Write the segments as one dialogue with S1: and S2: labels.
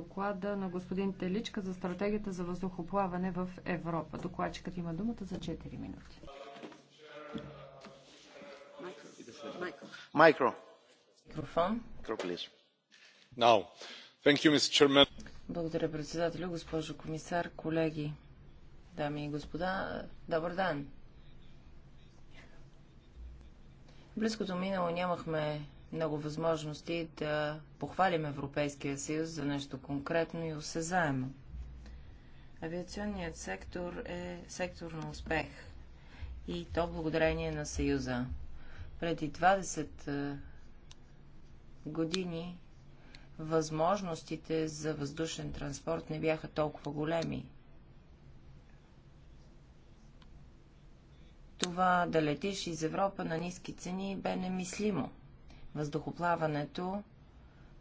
S1: доклада на господин Теличка за стратегията за въздухоплаване в Европа. Докладчикът има думата за 4 минути.
S2: Майкро. Микрофон. Now. Thank you, Mr. Chairman.
S3: Благодаря, председателю, госпожо комисар, колеги, дами и господа. Добър ден! близкото минало нямахме много възможности да похвалим Европейския съюз за нещо конкретно и осезаемо. Авиационният сектор е сектор на успех и то благодарение на Съюза. Преди 20 години възможностите за въздушен транспорт не бяха толкова големи. Това да летиш из Европа на ниски цени бе немислимо – въздухоплаването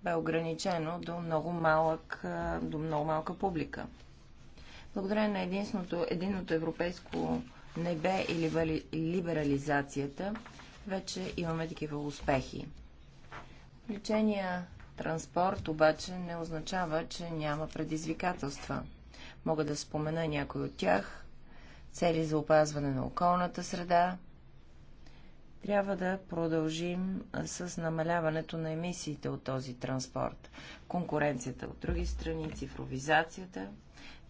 S3: бе ограничено до много, малък, до много малка публика. Благодарение на единственото, единното европейско небе и либерализацията, вече имаме такива успехи. Лечения транспорт обаче не означава, че няма предизвикателства. Мога да спомена някои от тях. Цели за опазване на околната среда, трябва да продължим с намаляването на емисиите от този транспорт, конкуренцията от други страни, цифровизацията.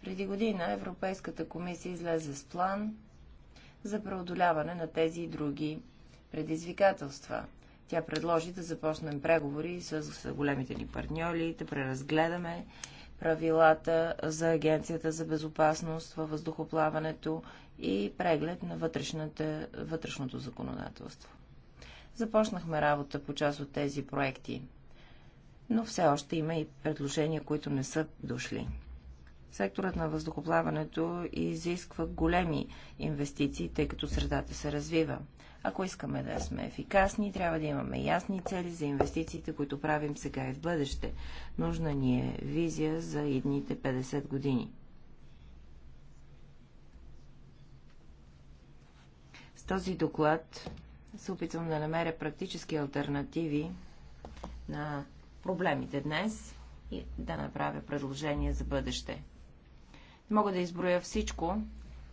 S3: Преди година Европейската комисия излезе с план за преодоляване на тези и други предизвикателства. Тя предложи да започнем преговори с големите ни партньори, да преразгледаме правилата за Агенцията за безопасност във въздухоплаването и преглед на вътрешното законодателство. Започнахме работа по част от тези проекти, но все още има и предложения, които не са дошли. Секторът на въздухоплаването изисква големи инвестиции, тъй като средата се развива. Ако искаме да сме ефикасни, трябва да имаме ясни цели за инвестициите, които правим сега и в бъдеще. Нужна ни е визия за едните 50 години. С този доклад се опитвам да намеря практически альтернативи на проблемите днес и да направя предложения за бъдеще мога да изброя всичко,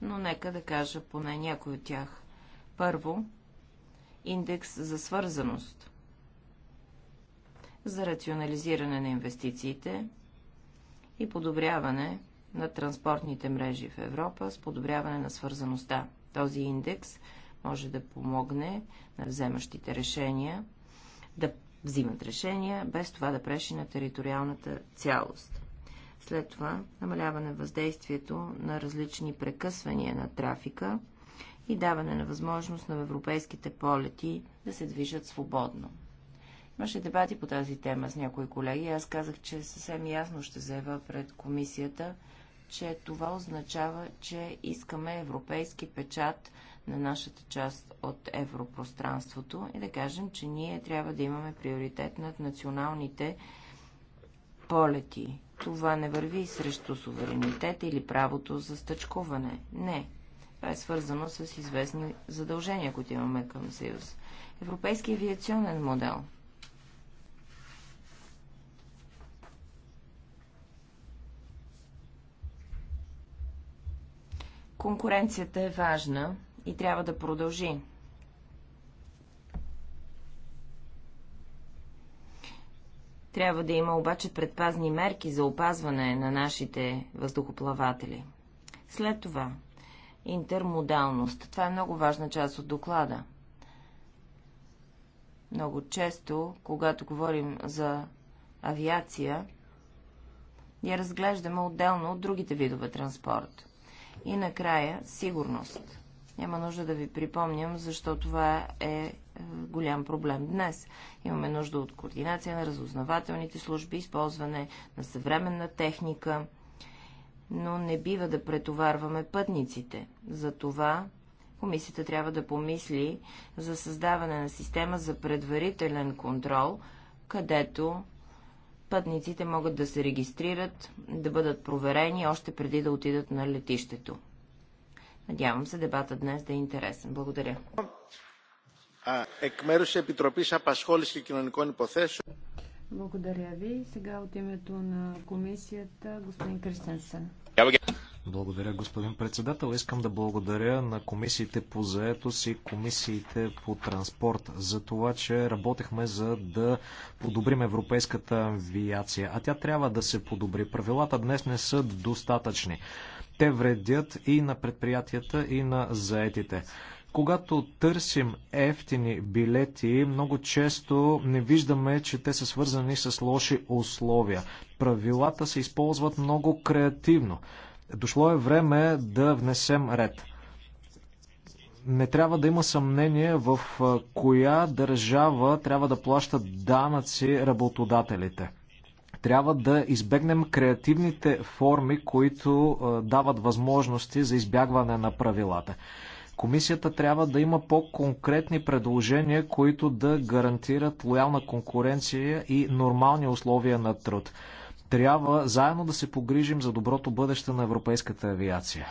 S3: но нека да кажа поне някой от тях. Първо, индекс за свързаност, за рационализиране на инвестициите и подобряване на транспортните мрежи в Европа с подобряване на свързаността. Този индекс може да помогне на вземащите решения да взимат решения, без това да преши на териториалната цялост. След това намаляване въздействието на различни прекъсвания на трафика и даване на възможност на европейските полети да се движат свободно. Имаше дебати по тази тема с някои колеги. Аз казах, че съвсем ясно ще заява пред комисията, че това означава, че искаме европейски печат на нашата част от европространството и да кажем, че ние трябва да имаме приоритет над националните полети това не върви срещу суверенитета или правото за стъчкуване. Не. Това е свързано с известни задължения, които имаме към Съюз. Европейски авиационен модел. Конкуренцията е важна и трябва да продължи. Трябва да има обаче предпазни мерки за опазване на нашите въздухоплаватели. След това, интермодалност. Това е много важна част от доклада. Много често, когато говорим за авиация, я разглеждаме отделно от другите видове транспорт. И накрая сигурност. Няма нужда да ви припомням, защо това е, е голям проблем днес. Имаме нужда от координация на разузнавателните служби, използване на съвременна техника, но не бива да претоварваме пътниците. За това комисията трябва да помисли за създаване на система за предварителен контрол, където пътниците могат да се регистрират, да бъдат проверени още преди да отидат на летището. Надявам се дебата днес да е интересен. Благодаря.
S1: Благодаря ви. Сега от името на комисията господин Кристенсен.
S4: Благодаря, господин председател. Искам да благодаря на комисиите по заетост и комисиите по транспорт за това, че работехме за да подобрим европейската авиация. А тя трябва да се подобри. Правилата днес не са достатъчни. Те вредят и на предприятията, и на заетите. Когато търсим ефтини билети, много често не виждаме, че те са свързани с лоши условия. Правилата се използват много креативно. Дошло е време да внесем ред не трябва да има съмнение в коя държава трябва да плащат данъци работодателите. Трябва да избегнем креативните форми, които дават възможности за избягване на правилата. Комисията трябва да има по-конкретни предложения, които да гарантират лоялна конкуренция и нормални условия на труд. Трябва заедно да се погрижим за доброто бъдеще на европейската авиация.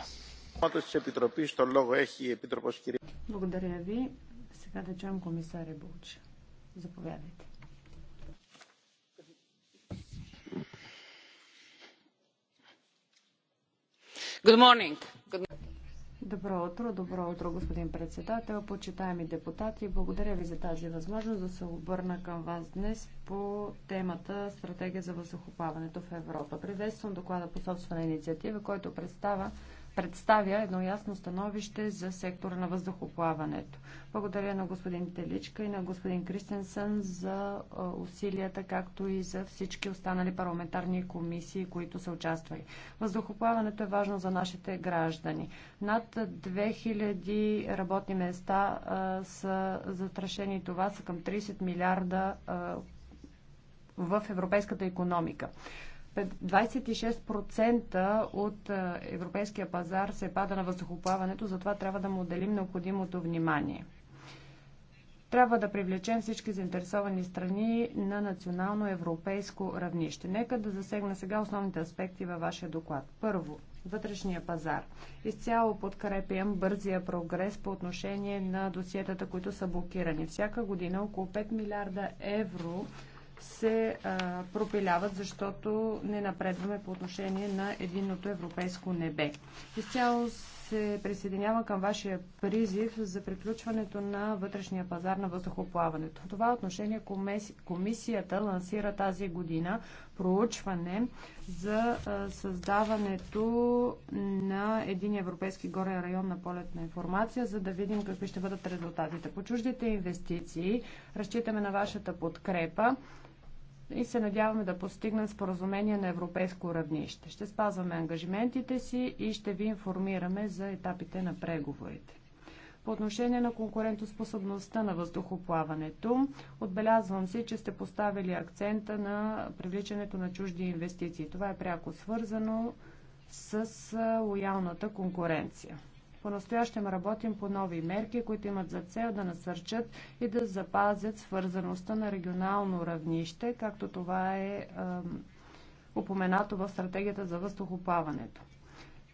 S1: Благодаря ви. Сега да чуем комисаря Булча. Заповядайте. Good... Добро утро, добро утро, господин председател, почитаеми депутати. Благодаря ви за тази възможност да се обърна към вас днес по темата Стратегия за въздухоплаването в Европа. Приветствам доклада по собствена инициатива, който представя представя едно ясно становище за сектора на въздухоплаването. Благодаря на господин Теличка и на господин Кристенсън за усилията, както и за всички останали парламентарни комисии, които са участвали. Въздухоплаването е важно за нашите граждани. Над 2000 работни места са затрашени. Това са към 30 милиарда в европейската економика. 26% от е, европейския пазар се пада на въздухоплаването, затова трябва да му отделим необходимото внимание. Трябва да привлечем всички заинтересовани страни на национално европейско равнище. Нека да засегна сега основните аспекти във вашия доклад. Първо, вътрешния пазар. Изцяло подкрепям бързия прогрес по отношение на досиетата, които са блокирани. Всяка година около 5 милиарда евро се а, пропиляват, защото не напредваме по отношение на единното европейско небе. Изцяло се присъединява към вашия призив за приключването на вътрешния пазар на въздухоплаването. В това отношение комисията лансира тази година проучване за създаването на един европейски горен район на полетна информация, за да видим какви ще бъдат резултатите. По чуждите инвестиции разчитаме на вашата подкрепа и се надяваме да постигнем споразумение на европейско равнище. Ще спазваме ангажиментите си и ще ви информираме за етапите на преговорите. По отношение на конкурентоспособността на въздухоплаването, отбелязвам си, че сте поставили акцента на привличането на чужди инвестиции. Това е пряко свързано с лоялната конкуренция. По-настоящем работим по нови мерки, които имат за цел да насърчат и да запазят свързаността на регионално равнище, както това е упоменато в стратегията за въздухоплаването.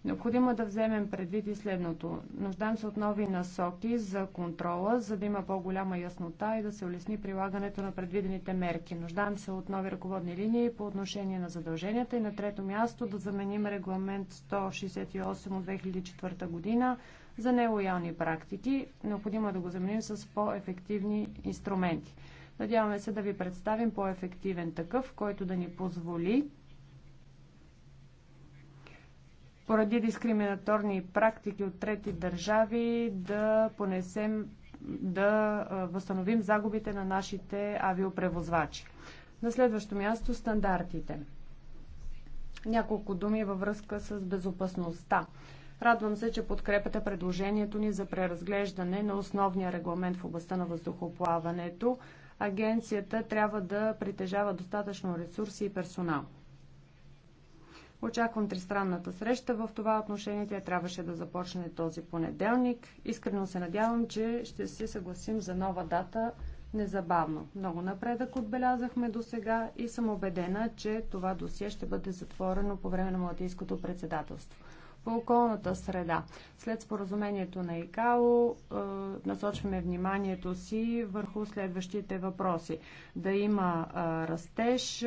S1: Необходимо е да вземем предвид и следното. Нуждаем се от нови насоки за контрола, за да има по-голяма яснота и да се улесни прилагането на предвидените мерки. Нуждаем се от нови ръководни линии по отношение на задълженията и на трето място да заменим регламент 168 от 2004 година за нелоялни практики. Необходимо е да го заменим с по-ефективни инструменти. Надяваме се да ви представим по-ефективен такъв, който да ни позволи поради дискриминаторни практики от трети държави да понесем да възстановим загубите на нашите авиопревозвачи. На следващо място стандартите. Няколко думи във връзка с безопасността. Радвам се, че подкрепяте предложението ни за преразглеждане на основния регламент в областта на въздухоплаването. Агенцията трябва да притежава достатъчно ресурси и персонал. Очаквам тристранната среща. В това отношение тя трябваше да започне този понеделник. Искрено се надявам, че ще се съгласим за нова дата незабавно. Много напредък отбелязахме до сега и съм убедена, че това досие ще бъде затворено по време на Малтийското председателство. По околната среда. След споразумението на ИКАО е, насочваме вниманието си върху следващите въпроси. Да има е, растеж,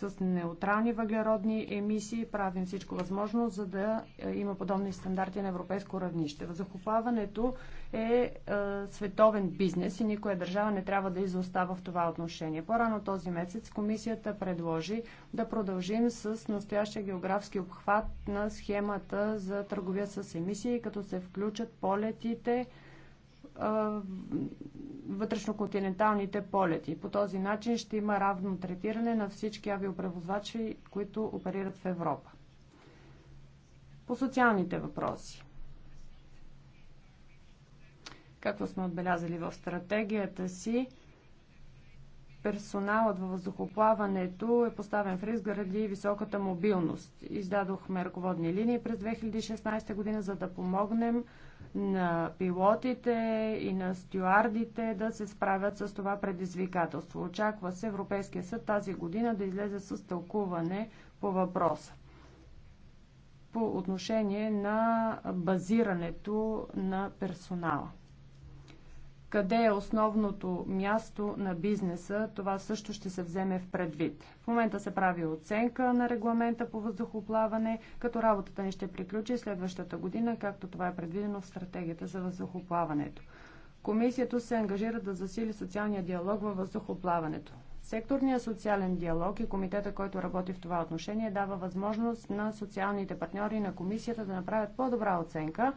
S1: с неутрални въглеродни емисии правим всичко възможно, за да е, има подобни стандарти на европейско равнище. Закупаването е, е световен бизнес и никоя държава не трябва да изостава в това отношение. По-рано този месец комисията предложи да продължим с настоящия географски обхват на схемата за търговия с емисии, като се включат полетите е, вътрешноконтиненталните полети. По този начин ще има равно третиране на всички авиопревозвачи, които оперират в Европа. По социалните въпроси. Както сме отбелязали в стратегията си, персоналът във въздухоплаването е поставен в риск заради високата мобилност. Издадохме ръководни линии през 2016 година, за да помогнем на пилотите и на стюардите да се справят с това предизвикателство. Очаква се Европейския съд тази година да излезе с тълкуване по въпроса по отношение на базирането на персонала къде е основното място на бизнеса, това също ще се вземе в предвид. В момента се прави оценка на регламента по въздухоплаване, като работата ни ще приключи следващата година, както това е предвидено в стратегията за въздухоплаването. Комисията се ангажира да засили социалния диалог във въздухоплаването. Секторният социален диалог и комитета, който работи в това отношение, дава възможност на социалните партньори на комисията да направят по-добра оценка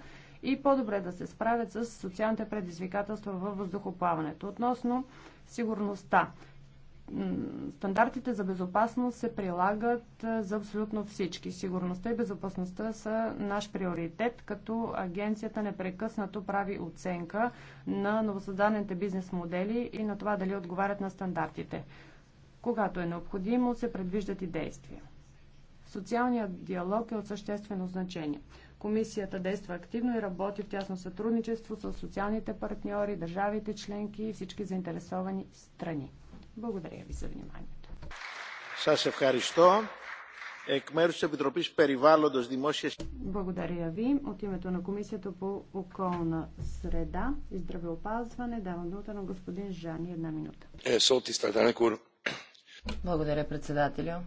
S1: и по-добре да се справят с социалните предизвикателства във въздухоплаването. Относно сигурността. Стандартите за безопасност се прилагат за абсолютно всички. Сигурността и безопасността са наш приоритет, като агенцията непрекъснато прави оценка на новосъздадените бизнес модели и на това дали отговарят на стандартите. Когато е необходимо, се предвиждат и действия. Социалният диалог е от съществено значение. Комисията действа активно и работи в тясно сътрудничество с социалните партньори, държавите членки и всички заинтересовани страни. Благодаря ви за вниманието.
S2: ευχαριστώ. Εκ
S1: Благодаря ви. От името на Комисията по околна среда и здравеопазване давам думата на господин Жани. Една минута. Е, Благодаря, председателя.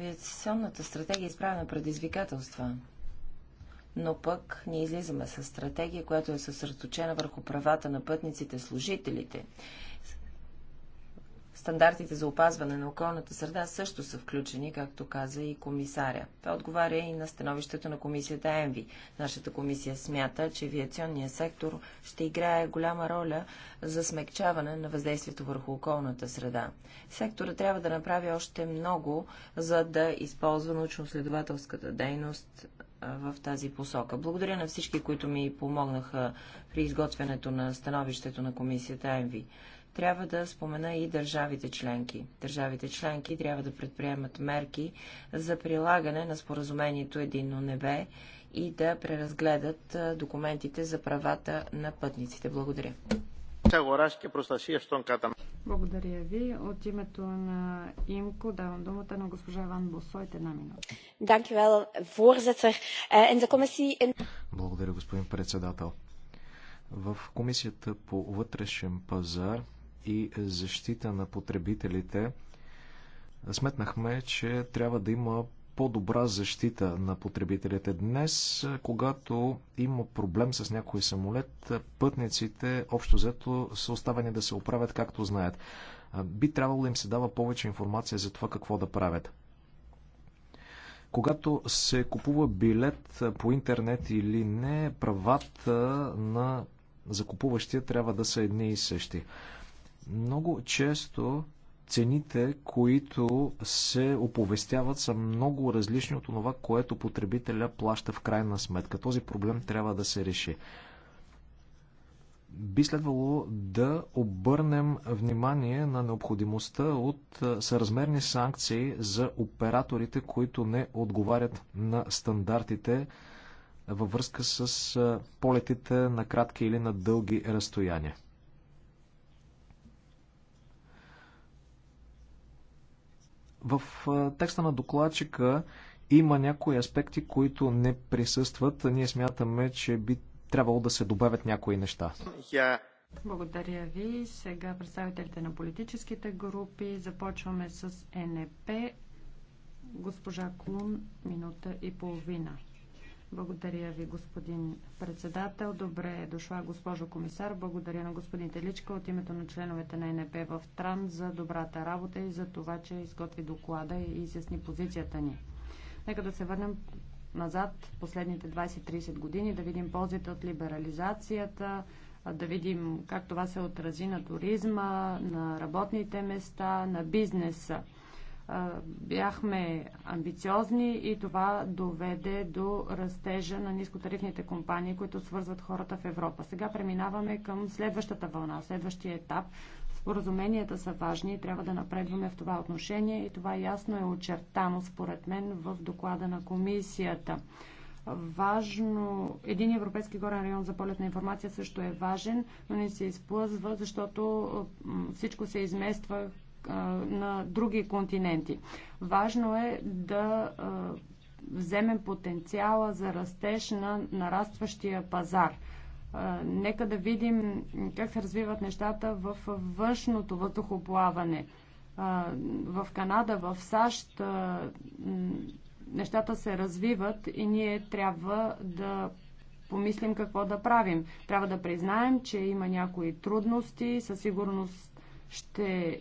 S3: Авиационната стратегия е изправена предизвикателства, но пък ние излизаме с стратегия, която е съсредоточена върху правата на пътниците, служителите, Стандартите за опазване на околната среда също са включени, както каза и комисаря. Това отговаря и на становището на комисията ЕМВИ. Нашата комисия смята, че авиационният сектор ще играе голяма роля за смягчаване на въздействието върху околната среда. Сектора трябва да направи още много, за да използва научно-следователската дейност в тази посока. Благодаря на всички, които ми помогнаха при изготвянето на становището на комисията ЕМВИ трябва да спомена и държавите членки. Държавите членки трябва да предприемат мерки за прилагане на споразумението Единно небе и да преразгледат документите за правата на пътниците. Благодаря.
S1: Благодаря ви. От името на ИМКО давам думата на госпожа Ван Босойт една минута.
S3: Eh,
S4: Благодаря, господин председател. В Комисията по вътрешен пазар и защита на потребителите, сметнахме, че трябва да има по-добра защита на потребителите. Днес, когато има проблем с някой самолет, пътниците общо взето са оставени да се оправят както знаят. Би трябвало да им се дава повече информация за това какво да правят. Когато се купува билет по интернет или не, правата на закупуващия трябва да са едни и същи. Много често цените, които се оповестяват, са много различни от това, което потребителя плаща в крайна сметка. Този проблем трябва да се реши. Би следвало да обърнем внимание на необходимостта от съразмерни санкции за операторите, които не отговарят на стандартите във връзка с полетите на кратки или на дълги разстояния. В текста на докладчика има някои аспекти, които не присъстват. Ние смятаме, че би трябвало да се добавят някои неща.
S1: Благодаря ви. Сега представителите на политическите групи. Започваме с НП. Госпожа Клун, минута и половина. Благодаря ви, господин председател. Добре е дошла, госпожо комисар. Благодаря на господин Теличка от името на членовете на НП в Тран за добрата работа и за това, че изготви доклада и изясни позицията ни. Нека да се върнем назад последните 20-30 години, да видим ползите от либерализацията, да видим как това се отрази на туризма, на работните места, на бизнеса бяхме амбициозни и това доведе до растежа на нискотарифните компании, които свързват хората в Европа. Сега преминаваме към следващата вълна, следващия етап. Споразуменията са важни и трябва да напредваме в това отношение и това ясно е очертано според мен в доклада на комисията. Важно, един европейски горен район за полет на информация също е важен, но не се изплъзва, защото всичко се измества на други континенти. Важно е да вземем потенциала за растеж на нарастващия пазар. Нека да видим как се развиват нещата в външното въздухоплаване. В Канада, в САЩ нещата се развиват и ние трябва да помислим какво да правим. Трябва да признаем, че има някои трудности, със сигурност ще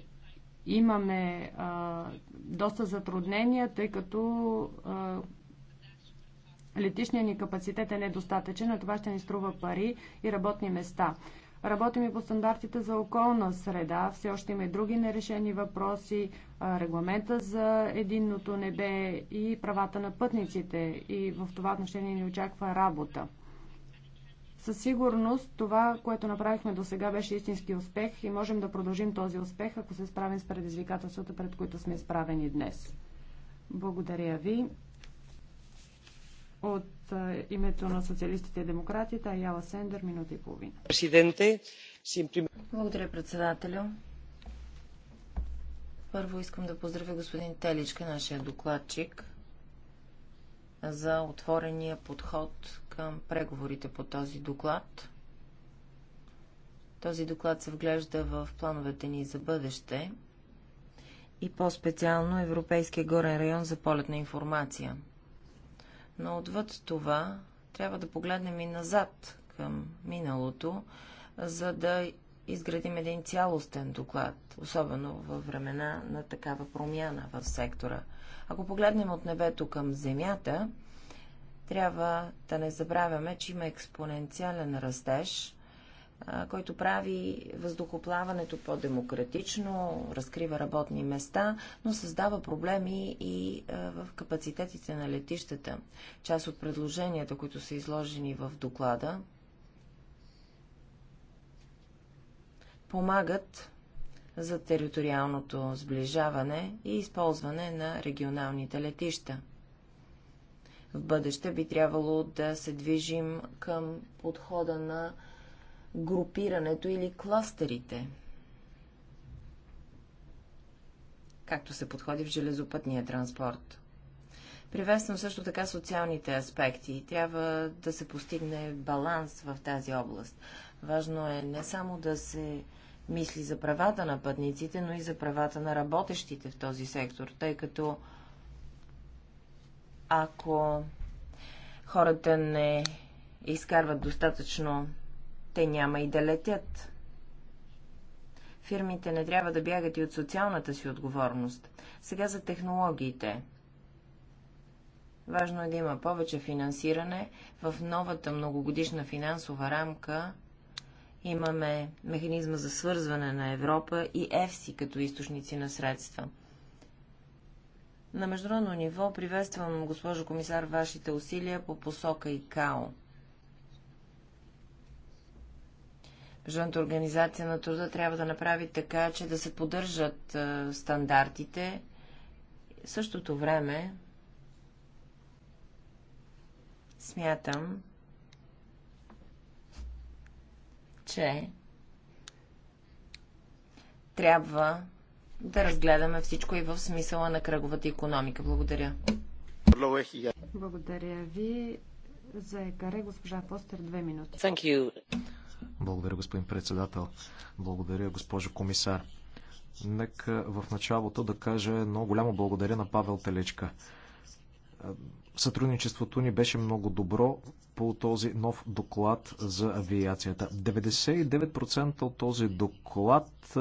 S1: имаме а, доста затруднения, тъй като а, летишният ни капацитет е недостатъчен, а това ще ни струва пари и работни места. Работим и по стандартите за околна среда. Все още има и други нерешени въпроси. Регламента за единното небе и правата на пътниците. И в това отношение ни очаква работа. Със сигурност това, което направихме до сега, беше истински успех и можем да продължим този успех, ако се справим с предизвикателствата, пред които сме изправени днес. Благодаря ви. От е, името на социалистите и демократите, Аяла Сендер, минута и половина. Благодаря, председателю.
S3: Първо искам да поздравя господин Теличка, нашия докладчик, за отворения подход към преговорите по този доклад. Този доклад се вглежда в плановете ни за бъдеще и по-специално Европейския горен район за полетна информация. Но отвъд това трябва да погледнем и назад към миналото, за да изградим един цялостен доклад, особено във времена на такава промяна в сектора – ако погледнем от небето към земята, трябва да не забравяме, че има експоненциален растеж, който прави въздухоплаването по-демократично, разкрива работни места, но създава проблеми и в капацитетите на летищата. Част от предложенията, които са изложени в доклада, помагат за териториалното сближаване и използване на регионалните летища. В бъдеще би трябвало да се движим към подхода на групирането или кластерите, както се подходи в железопътния транспорт. Приветствам също така социалните аспекти. Трябва да се постигне баланс в тази област. Важно е не само да се мисли за правата на пътниците, но и за правата на работещите в този сектор, тъй като ако хората не изкарват достатъчно, те няма и да летят. Фирмите не трябва да бягат и от социалната си отговорност. Сега за технологиите. Важно е да има повече финансиране в новата многогодишна финансова рамка Имаме механизма за свързване на Европа и ЕФСИ като източници на средства. На международно ниво приветствам, госпожо комисар, вашите усилия по посока ИКАО. Международната организация на труда трябва да направи така, че да се поддържат е, стандартите. В същото време смятам, че трябва да разгледаме всичко и в смисъла на кръговата економика. Благодаря.
S1: Благодаря ви. За екаре госпожа Постер, две минути.
S4: Благодаря, господин председател. Благодаря, госпожо комисар. Нека в началото да кажа едно голямо благодаря на Павел Телечка. Сътрудничеството ни беше много добро по този нов доклад за авиацията. 99% от този доклад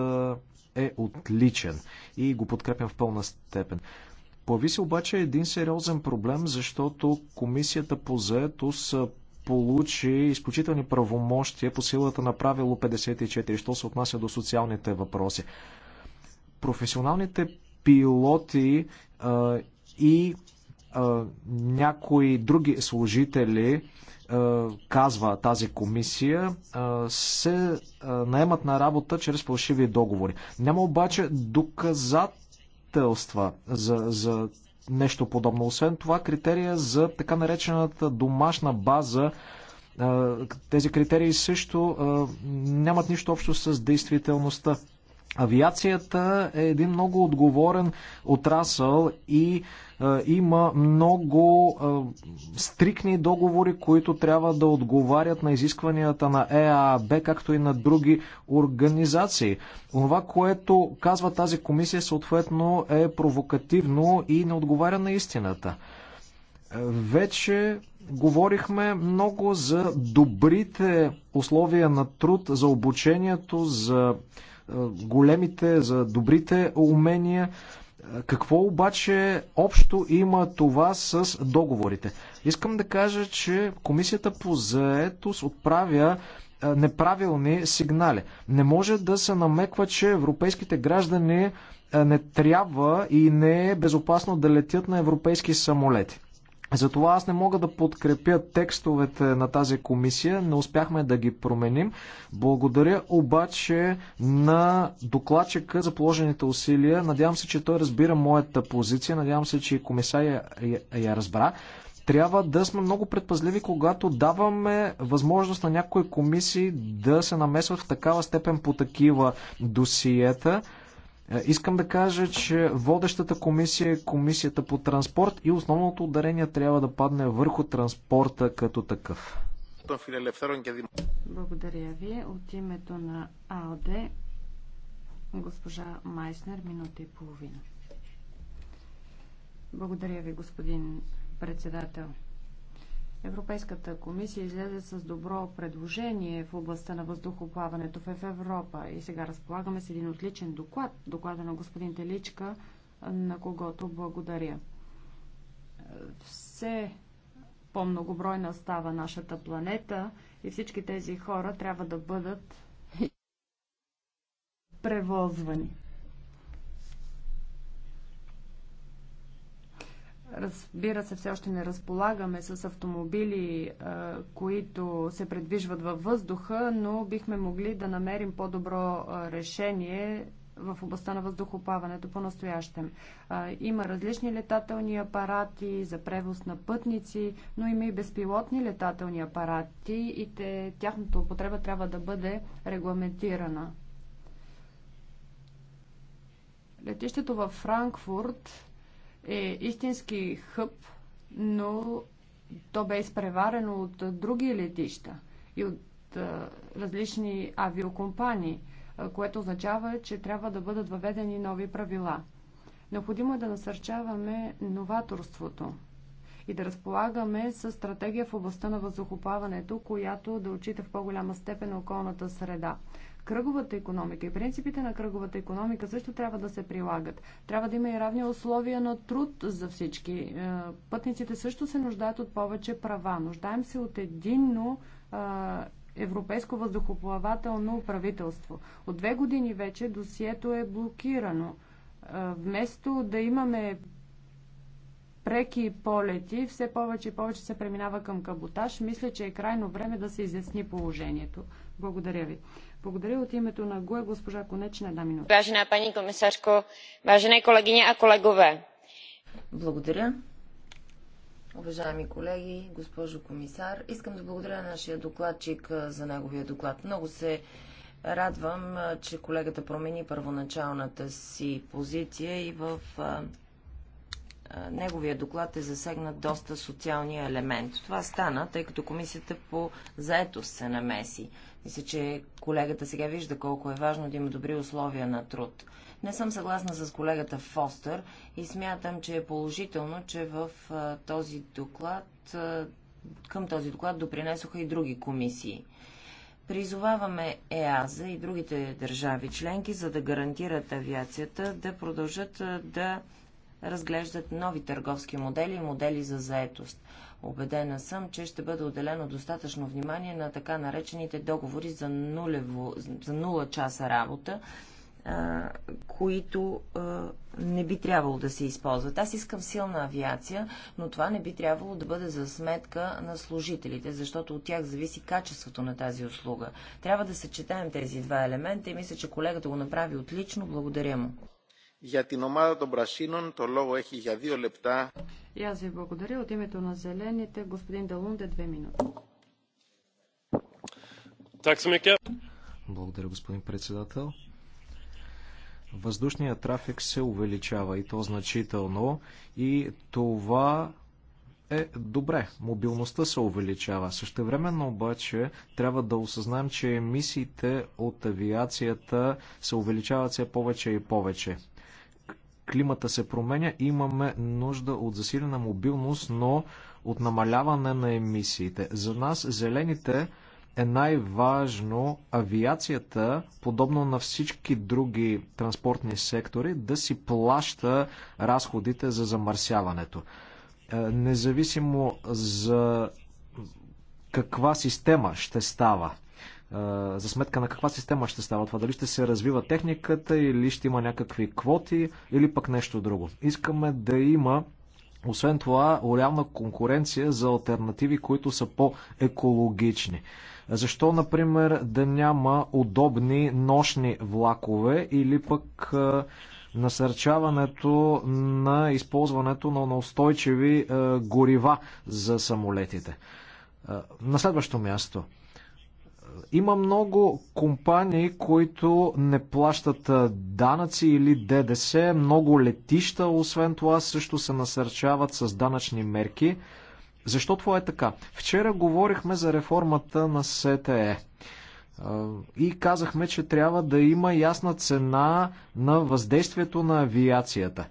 S4: е отличен и го подкрепям в пълна степен. Появи се обаче един сериозен проблем, защото Комисията по заетост получи изключителни правомощия по силата на правило 54, що се отнася до социалните въпроси. Професионалните пилоти а, и някои други служители, казва тази комисия, се наемат на работа чрез фалшиви договори. Няма обаче доказателства за, за нещо подобно. Освен това, критерия за така наречената домашна база, тези критерии също нямат нищо общо с действителността. Авиацията е един много отговорен отрасъл и е, има много е, стрикни договори, които трябва да отговарят на изискванията на ЕАБ, както и на други организации. Това, което казва тази комисия, съответно е провокативно и не отговаря на истината. Вече говорихме много за добрите условия на труд, за обучението, за големите, за добрите умения. Какво обаче общо има това с договорите? Искам да кажа, че Комисията по заетост отправя неправилни сигнали. Не може да се намеква, че европейските граждани не трябва и не е безопасно да летят на европейски самолети. Затова аз не мога да подкрепя текстовете на тази комисия, не успяхме да ги променим. Благодаря обаче на докладчика за положените усилия. Надявам се, че той разбира моята позиция, надявам се, че и комисаря я, я, я разбра. Трябва да сме много предпазливи, когато даваме възможност на някои комисии да се намесват в такава степен по такива досиета. Е, искам да кажа, че водещата комисия е комисията по транспорт и основното ударение трябва да падне върху транспорта като такъв.
S1: Благодаря ви. От името на АОДЕ госпожа Майснер, минута и половина. Благодаря ви, господин председател. Европейската комисия излезе с добро предложение в областта на въздухоплаването в Европа и сега разполагаме с един отличен доклад, доклада на господин Теличка, на когото благодаря. Все по-многобройна става нашата планета и всички тези хора трябва да бъдат превозвани. Разбира се, все още не разполагаме с автомобили, е, които се предвижват във въздуха, но бихме могли да намерим по-добро е, решение в областта на въздухоплаването по-настоящем. Е, има различни летателни апарати за превоз на пътници, но има и безпилотни летателни апарати и те, тяхната употреба трябва да бъде регламентирана. Летището във Франкфурт е истински хъб, но то бе изпреварено от други летища и от различни авиокомпании, което означава, че трябва да бъдат въведени нови правила. Необходимо е да насърчаваме новаторството и да разполагаме с стратегия в областта на въздухоплаването, която да отчита в по-голяма степен околната среда. Кръговата економика и принципите на кръговата економика също трябва да се прилагат. Трябва да има и равни условия на труд за всички. Е, пътниците също се нуждаят от повече права. Нуждаем се от единно е, европейско въздухоплавателно правителство. От две години вече досието е блокирано. Е, вместо да имаме преки полети, все повече и повече се преминава към каботаж. Мисля, че е крайно време да се изясни положението. Благодаря ви. Благодаря от името на ГУЕ госпожа Конечна една минута. Vážená
S3: paní komisařko, vážené kolegyně а колегове. Благодаря. Уважаеми колеги, госпожо комисар, искам да благодаря нашия докладчик за неговия доклад. Много се радвам, че колегата промени първоначалната си позиция и в неговия доклад е засегнат доста социалния елемент. Това стана, тъй като комисията по заетост се намеси. Мисля, че колегата сега вижда колко е важно да има добри условия на труд. Не съм съгласна с колегата Фостър и смятам, че е положително, че в този доклад, към този доклад допринесоха и други комисии. Призоваваме ЕАЗа и другите държави членки, за да гарантират авиацията да продължат да разглеждат нови търговски модели и модели за заетост. Обедена съм, че ще бъде отделено достатъчно внимание на така наречените договори за, нулево, за нула часа работа, които не би трябвало да се използват. Аз искам силна авиация, но това не би трябвало да бъде за сметка на служителите, защото от тях зависи качеството на тази услуга. Трябва да съчетаем тези два елемента и мисля, че колегата го направи отлично.
S1: Благодаря му.
S2: Για την ομάδα των Πρασίνων το λόγο έχει για δύο λεπτά.
S1: И аз ви благодаря. От името на Зелените, господин Далунде, две минути.
S4: Благодаря, господин председател. Въздушният трафик се увеличава и то значително и това е добре. Мобилността се увеличава. Същевременно обаче трябва да осъзнаем, че емисиите от авиацията се увеличават все повече и повече климата се променя, имаме нужда от засилена мобилност, но от намаляване на емисиите. За нас, зелените, е най-важно авиацията, подобно на всички други транспортни сектори, да си плаща разходите за замърсяването. Е, независимо за каква система ще става за сметка на каква система ще става това? Дали ще се развива техниката или ще има някакви квоти или пък нещо друго? Искаме да има освен това, реална конкуренция за альтернативи, които са по-екологични. Защо, например, да няма удобни нощни влакове или пък насърчаването на използването на устойчиви горива за самолетите? На следващо място – има много компании, които не плащат данъци или ДДС, много летища, освен това, също се насърчават с данъчни мерки. Защо това е така? Вчера говорихме за реформата на СТЕ и казахме, че трябва да има ясна цена на въздействието на авиацията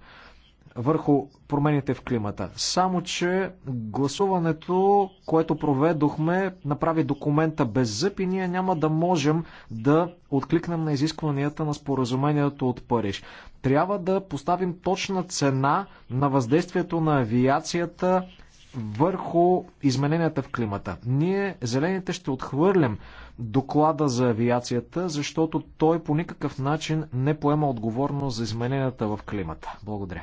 S4: върху промените в климата. Само, че гласуването, което проведохме, направи документа без зъб и ние няма да можем да откликнем на изискванията на споразумението от Париж. Трябва да поставим точна цена на въздействието на авиацията върху измененията в климата. Ние, зелените, ще отхвърлим доклада за авиацията, защото той по никакъв начин не поема отговорност за измененията в климата. Благодаря.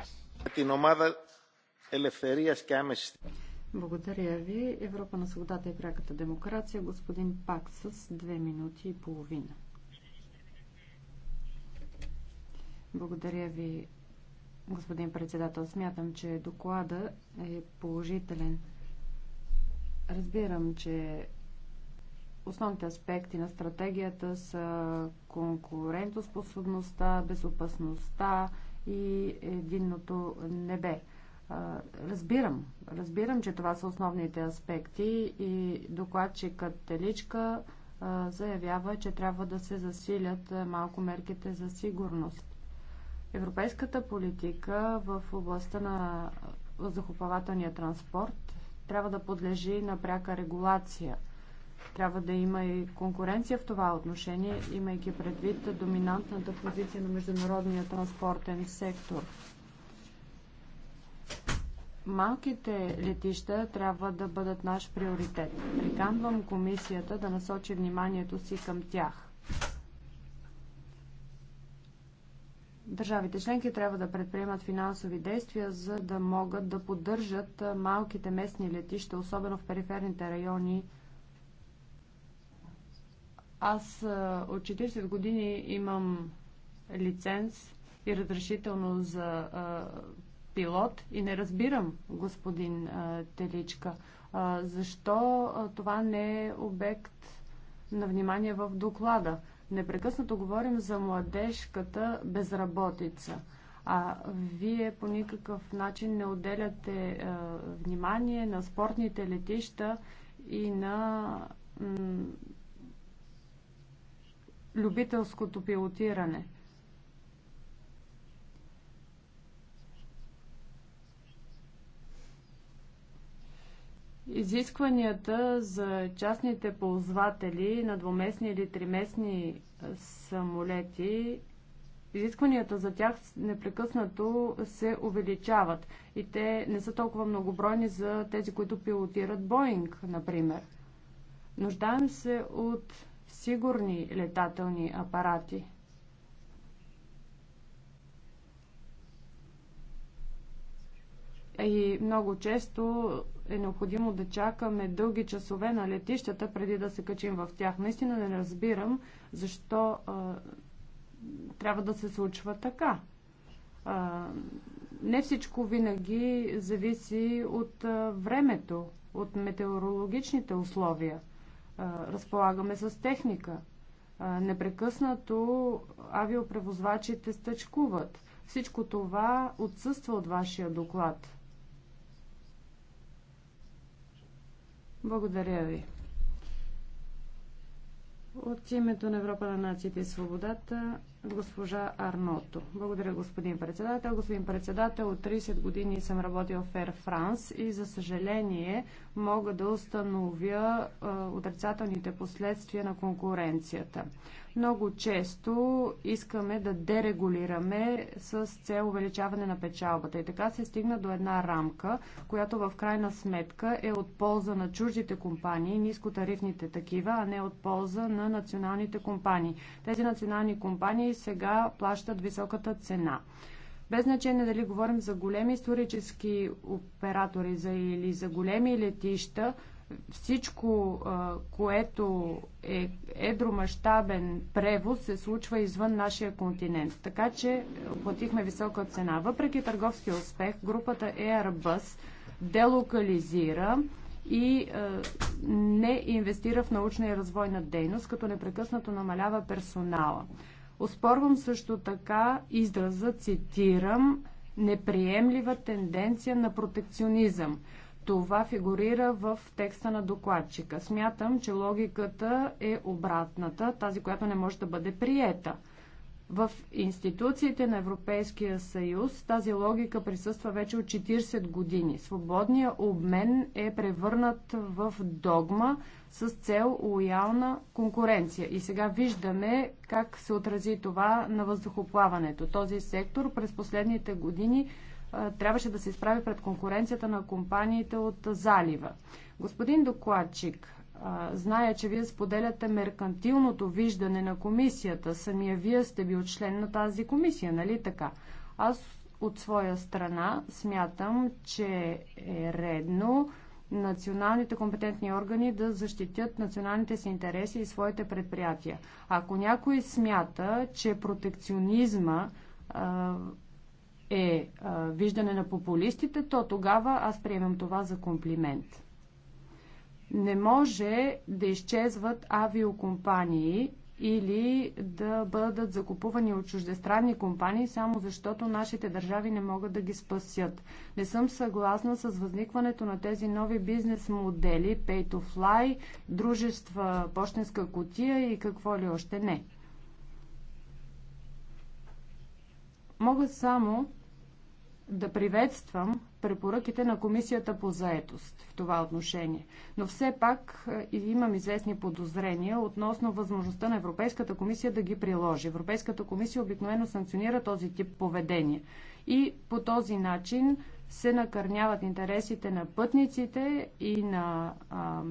S1: Благодаря ви. Европа на свободата и пряката демокрация. Господин Пак с две минути и половина. Благодаря ви, господин председател. Смятам, че доклада е положителен. Разбирам, че основните аспекти на стратегията са конкурентоспособността, безопасността, и единното небе. Разбирам, разбирам, че това са основните аспекти и докладчикът Теличка заявява, че трябва да се засилят малко мерките за сигурност. Европейската политика в областта на въздухоплавателния транспорт трябва да подлежи на пряка регулация – трябва да има и конкуренция в това отношение, имайки предвид доминантната позиция на международния транспортен сектор. Малките летища трябва да бъдат наш приоритет. Приканвам комисията да насочи вниманието си към тях. Държавите членки трябва да предприемат финансови действия, за да могат да поддържат малките местни летища, особено в периферните райони аз е, от 40 години имам лиценз и разрешително за а, е, пилот и не разбирам, господин а, е, Теличка, а, защо а, това не е обект на внимание в доклада. Непрекъснато говорим за младежката безработица. А вие по никакъв начин не отделяте а, внимание на спортните летища и на любителското пилотиране. Изискванията за частните ползватели на двуместни или триместни самолети, изискванията за тях непрекъснато се увеличават и те не са толкова многобройни за тези, които пилотират Боинг, например. Нуждаем се от сигурни летателни апарати. И много често е необходимо да чакаме дълги часове на летищата преди да се качим в тях. Наистина не разбирам защо а, трябва да се случва така. А, не всичко винаги зависи от а, времето, от метеорологичните условия – разполагаме с техника. Непрекъснато авиопревозвачите стъчкуват. Всичко това отсъства от вашия доклад. Благодаря ви. От името на Европа на нациите и свободата госпожа Арното. Благодаря, господин председател. Господин председател, от 30 години съм работил в Air France и за съжаление мога да установя отрицателните последствия на конкуренцията. Много често искаме да дерегулираме с цел увеличаване на печалбата. И така се стигна до една рамка, която в крайна сметка е от полза на чуждите компании, нискотарифните такива, а не от полза на националните компании. Тези национални компании сега плащат високата цена. Без значение дали говорим за големи исторически оператори за, или за големи летища, всичко, което е едромащабен превоз, се случва извън нашия континент. Така че платихме висока цена. Въпреки търговския успех, групата Airbus делокализира и не инвестира в научна и развойна дейност, като непрекъснато намалява персонала. Оспорвам също така израза, цитирам, неприемлива тенденция на протекционизъм. Това фигурира в текста на докладчика. Смятам, че логиката е обратната, тази, която не може да бъде приета. В институциите на Европейския съюз тази логика присъства вече от 40 години. Свободният обмен е превърнат в догма с цел лоялна конкуренция. И сега виждаме как се отрази това на въздухоплаването. Този сектор през последните години трябваше да се изправи пред конкуренцията на компаниите от залива. Господин докладчик, зная, че вие споделяте меркантилното виждане на комисията. Самия вие сте бил член на тази комисия, нали така? Аз от своя страна смятам, че е редно националните компетентни органи да защитят националните си интереси и своите предприятия. Ако някой смята, че протекционизма е а, виждане на популистите, то тогава аз приемам това за комплимент. Не може да изчезват авиокомпании или да бъдат закупувани от чуждестранни компании, само защото нашите държави не могат да ги спасят. Не съм съгласна с възникването на тези нови бизнес модели, pay to fly, дружества, почтенска котия и какво ли още не. Мога само да приветствам препоръките на Комисията по заетост в това отношение. Но все пак е, имам известни подозрения относно възможността на Европейската комисия да ги приложи. Европейската комисия обикновено санкционира този тип поведение. И по този начин се накърняват интересите на пътниците и на а,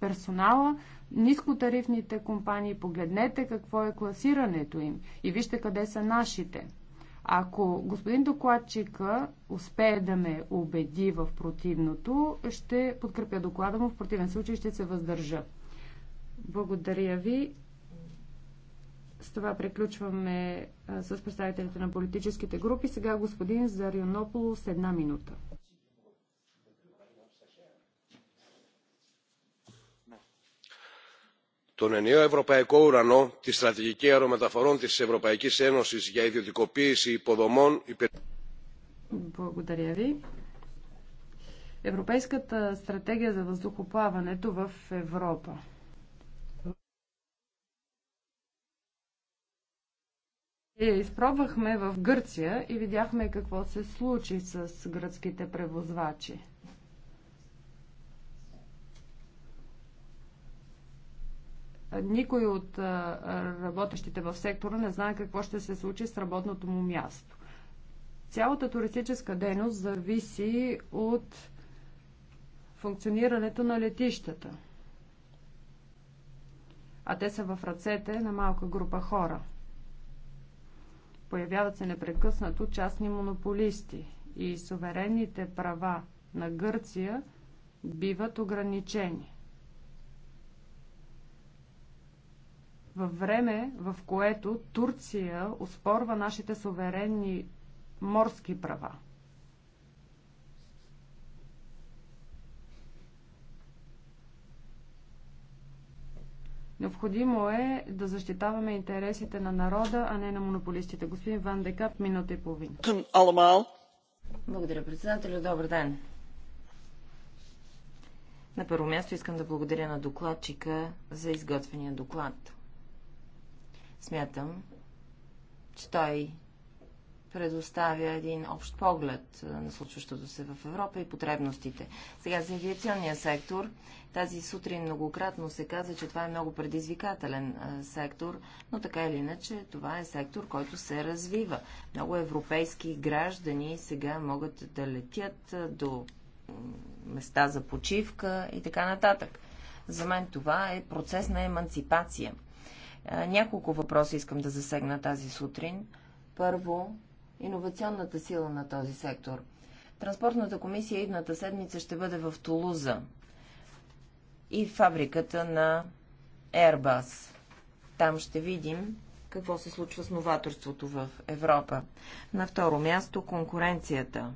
S1: персонала, нискотарифните компании. Погледнете какво е класирането им и вижте къде са нашите. Ако господин докладчика успее да ме убеди в противното, ще подкрепя доклада му, в противен случай ще се въздържа. Благодаря ви. С това приключваме с представителите на политическите групи. Сега господин Зарионополо с една минута.
S4: τον ενιαίο ευρωπαϊκό ουρανό τη στρατηγική αερομεταφορών τη Ευρωπαϊκή Ένωση για ιδιωτικοποίηση υποδομών
S1: Благодаря ви. Европейската стратегия за въздухоплаването в Европа. Изпробвахме в Гърция и видяхме какво се случи с гръцките превозвачи. Никой от работещите в сектора не знае какво ще се случи с работното му място. Цялата туристическа дейност зависи от функционирането на летищата. А те са в ръцете на малка група хора. Появяват се непрекъснато частни монополисти и суверенните права на Гърция биват ограничени. във време, в което Турция оспорва нашите суверенни морски права. Необходимо е да защитаваме интересите на народа, а не на монополистите. Господин Ван Декап, минута и половина. Благодаря, председателю. Добър ден.
S3: На първо място искам да благодаря на докладчика за изготвения доклад. Смятам, че той предоставя един общ поглед на случващото се в Европа и потребностите. Сега за авиационния сектор. Тази сутрин многократно се каза, че това е много предизвикателен сектор, но така или иначе това е сектор, който се развива. Много европейски граждани сега могат да летят до места за почивка и така нататък. За мен това е процес на еманципация. Няколко въпроса искам да засегна тази сутрин. Първо, иновационната сила на този сектор. Транспортната комисия идната седмица ще бъде в Тулуза и фабриката на Airbus. Там ще видим какво се случва с новаторството в Европа. На второ място конкуренцията.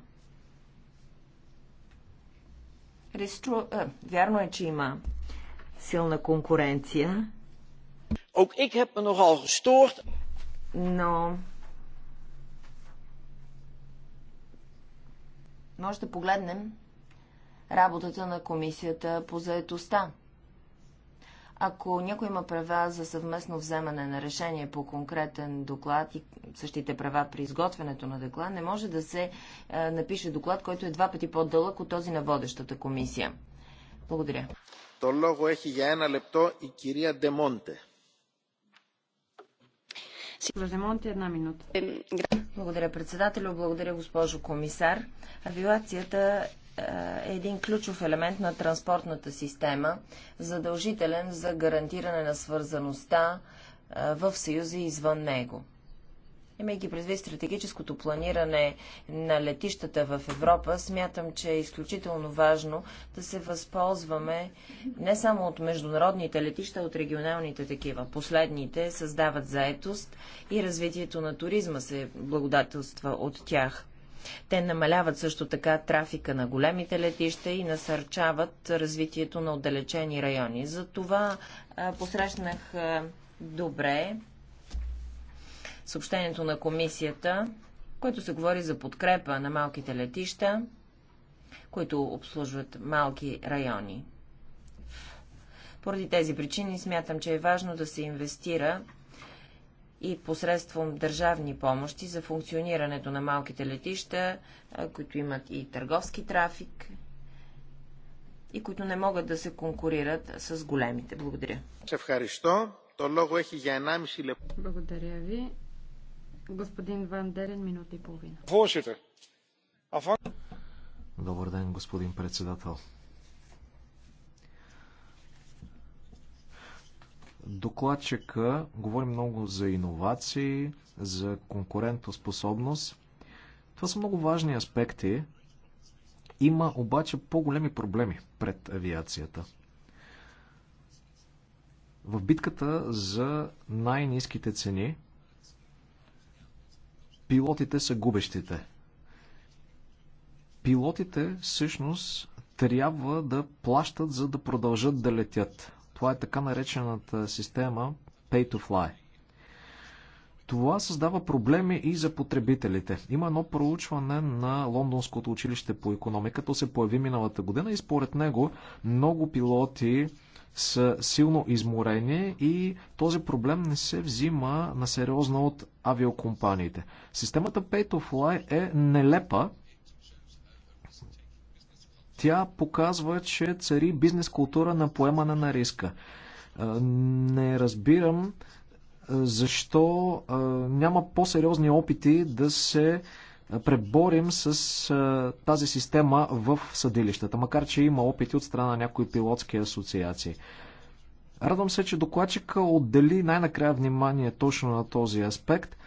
S3: Рестру... вярно е, че има силна конкуренция, Ook ik heb me nogal gestoord. Но... Може да погледнем работата на комисията по заетостта. Ако някой има права за съвместно вземане на решение по конкретен доклад и същите права при изготвянето на доклад, не може да се е, напише доклад, който е два пъти по-дълъг от този на водещата комисия. Благодаря.
S2: То лого ехи една лепто и кирия Демонте
S3: една минута. Благодаря, председателю. Благодаря, госпожо комисар. Авиацията е, е един ключов елемент на транспортната система, задължителен за гарантиране на свързаността е, в Съюза и извън него. Имайки предвид стратегическото планиране на летищата в Европа, смятам, че е изключително важно да се възползваме не само от международните летища, а от регионалните такива. Последните създават заетост и развитието на туризма се благодателства от тях. Те намаляват също така трафика на големите летища и насърчават развитието на отдалечени райони. За това посрещнах добре съобщението на комисията, което се говори за подкрепа на малките летища, които обслужват малки райони. Поради тези причини смятам, че е важно да се инвестира и посредством държавни помощи за функционирането на малките летища, които имат и търговски трафик и които не могат да се конкурират с големите. Благодаря.
S1: Благодаря ви. Господин Ван Дерен, минута и половина.
S4: Добър ден, господин председател. докладчика говори много за иновации, за конкурентоспособност. Това са много важни аспекти. Има обаче по-големи проблеми пред авиацията. В битката за най-низките цени пилотите са губещите. Пилотите всъщност трябва да плащат, за да продължат да летят. Това е така наречената система Pay to Fly. Това създава проблеми и за потребителите. Има едно проучване на Лондонското училище по економиката, се появи миналата година и според него много пилоти са силно изморени и този проблем не се взима на сериозно от авиокомпаниите. Системата Pay to Fly е нелепа. Тя показва, че цари бизнес култура на поемане на риска. Не разбирам защо няма по-сериозни опити да се преборим с тази система в съдилищата, макар че има опити от страна на някои пилотски асоциации. Радвам се, че докладчика отдели най-накрая внимание точно на този аспект.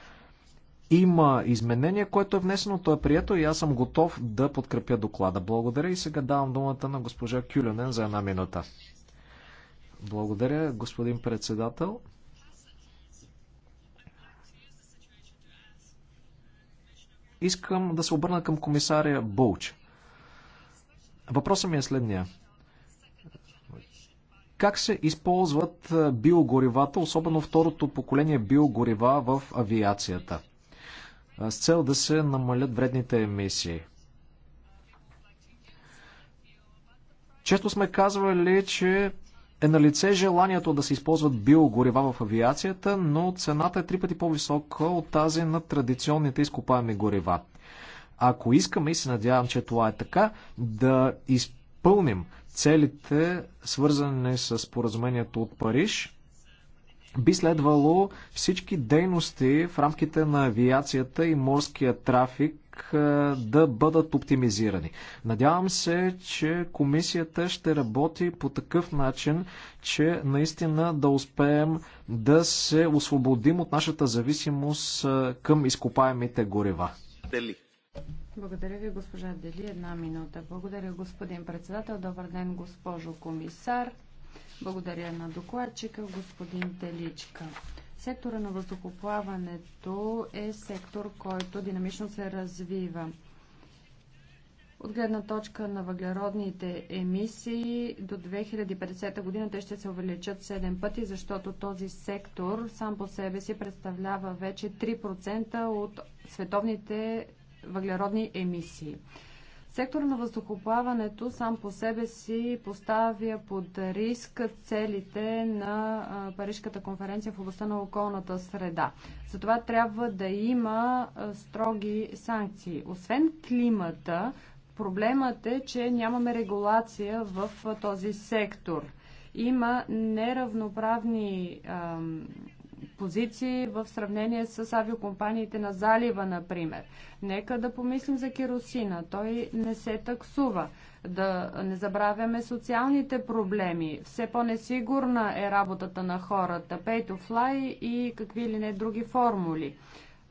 S4: Има изменение, което е внесено, то е прието и аз съм готов да подкрепя доклада. Благодаря и сега давам думата на госпожа Кюленен за една минута. Благодаря, господин председател. Искам да се обърна към комисария Болч. Въпросът ми е следния. Как се използват биогоривата, особено второто поколение биогорива в авиацията? С цел да се намалят вредните емисии. Често сме казвали, че е на лице желанието да се използват биогорива в авиацията, но цената е три пъти по-висока от тази на традиционните изкопаеми горива. Ако искаме, и се надявам, че това е така, да изпълним целите, свързани с поразумението от Париж, би следвало всички дейности в рамките на авиацията и морския трафик е, да бъдат оптимизирани. Надявам се, че комисията ще работи по такъв начин, че наистина да успеем да се освободим от нашата зависимост е, към изкопаемите горива.
S1: Благодаря ви, госпожа Дели. Една минута. Благодаря, господин председател. Добър ден, госпожо комисар. Благодаря на докладчика, господин Теличка. Сектора на въздухоплаването е сектор, който динамично се развива. От гледна точка на въглеродните емисии до 2050 година те ще се увеличат 7 пъти, защото този сектор сам по себе си представлява вече 3% от световните въглеродни емисии. Сектор на въздухоплаването сам по себе си поставя под риск целите на Парижката конференция в областта на околната среда. Затова трябва да има строги санкции. Освен климата, проблемът е, че нямаме регулация в този сектор. Има неравноправни позиции в сравнение с авиокомпаниите на залива, например. Нека да помислим за керосина. Той не се таксува. Да не забравяме социалните проблеми. Все по-несигурна е работата на хората. Pay to fly и какви ли не други формули.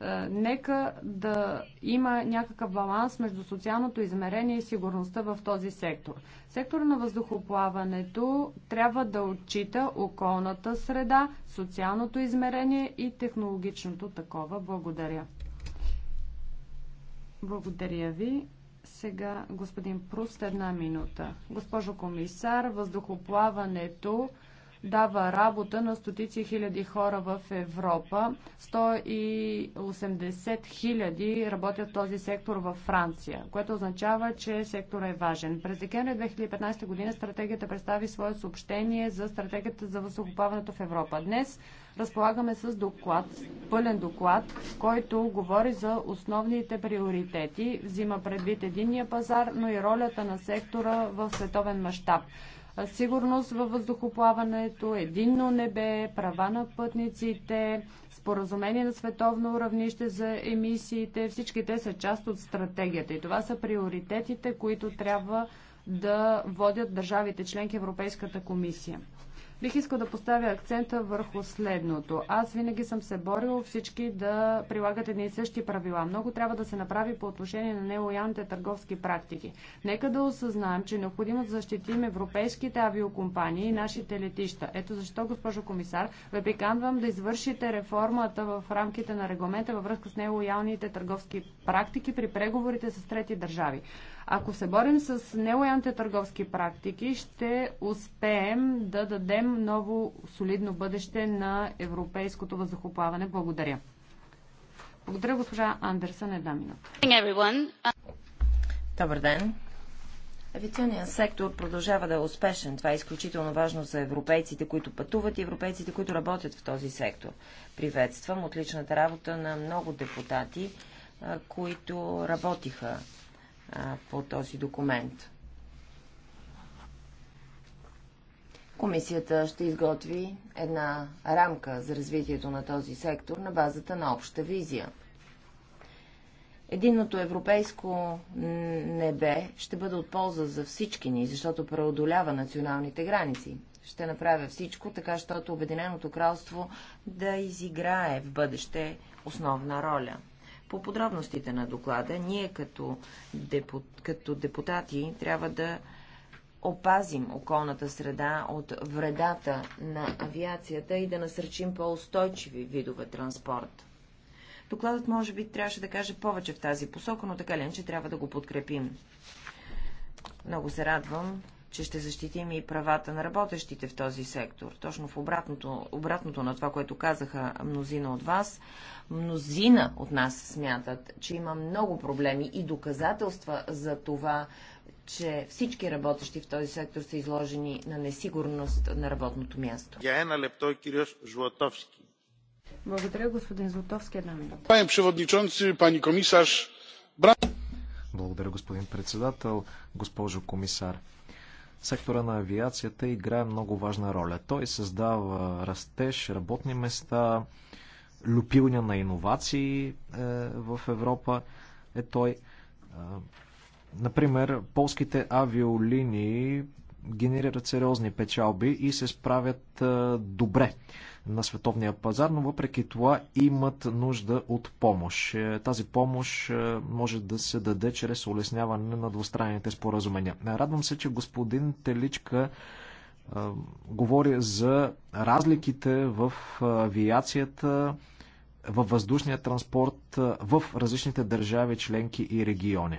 S1: Е, нека да има някакъв баланс между социалното измерение и сигурността в този сектор. Сектора на въздухоплаването трябва да отчита околната среда, социалното измерение и технологичното такова. Благодаря. Благодаря ви. Сега господин Пруст, една минута. Госпожо комисар, въздухоплаването дава работа на стотици хиляди хора в Европа. 180 хиляди работят в този сектор във Франция, което означава, че секторът е важен. През декември 2015 година стратегията представи свое съобщение за стратегията за възокупаването в Европа. Днес разполагаме с доклад, пълен доклад, който говори за основните приоритети, взима предвид единния пазар, но и ролята на сектора в световен мащаб сигурност във въздухоплаването, единно небе, права на пътниците, споразумение на световно равнище за емисиите. Всички те са част от стратегията и това са приоритетите, които трябва да водят държавите членки Европейската комисия. Бих искал да поставя акцента върху следното. Аз винаги съм се борил всички да прилагат едни и същи правила. Много трябва да се направи по отношение на нелоялните търговски практики. Нека да осъзнаем, че е необходимо да защитим европейските авиокомпании и нашите летища. Ето защо, госпожо комисар, ви приканвам да извършите реформата в рамките на регламента във връзка с нелоялните търговски практики при преговорите с трети държави. Ако се борим с нелоялните търговски практики, ще успеем да дадем ново солидно бъдеще на европейското въздухоплаване. Благодаря. Благодаря, госпожа Андерсън. Една
S3: минута. Добър ден. Авиационният сектор продължава да е успешен. Това е изключително важно за европейците, които пътуват и европейците, които работят в този сектор. Приветствам отличната работа на много депутати, които работиха по този документ. Комисията ще изготви една рамка за развитието на този сектор на базата на обща визия. Единното европейско небе ще бъде от полза за всички ни, защото преодолява националните граници. Ще направя всичко, така щото Обединеното кралство да изиграе в бъдеще основна роля – по подробностите на доклада. Ние като, депут, като депутати трябва да опазим околната среда от вредата на авиацията и да насърчим по-устойчиви видове транспорт. Докладът може би трябваше да каже повече в тази посока, но така ли, че трябва да го подкрепим. Много се радвам, че ще защитим и правата на работещите в този сектор. Точно в обратното, обратното на това, което казаха мнозина от вас, мнозина от нас смятат, че има много проблеми и доказателства за това, че всички работещи в този сектор са изложени на несигурност на работното място.
S2: Я на лепто, кириош Жлатовски.
S1: Благодаря, господин Златовски. Една минута.
S2: Пани преводничонци,
S4: пани комисар. Благодаря, господин председател, госпожо комисар. Сектора на авиацията играе много важна роля. Той създава растеж, работни места, люпилня на иновации е, в Европа е той. Е, например, полските авиолинии генерират сериозни печалби и се справят добре на световния пазар, но въпреки това имат нужда от помощ. Е, тази помощ е, може да се даде чрез улесняване на двустранните споразумения. Е, радвам се, че господин Теличка говори за разликите в авиацията, във въздушния транспорт в различните държави, членки и региони.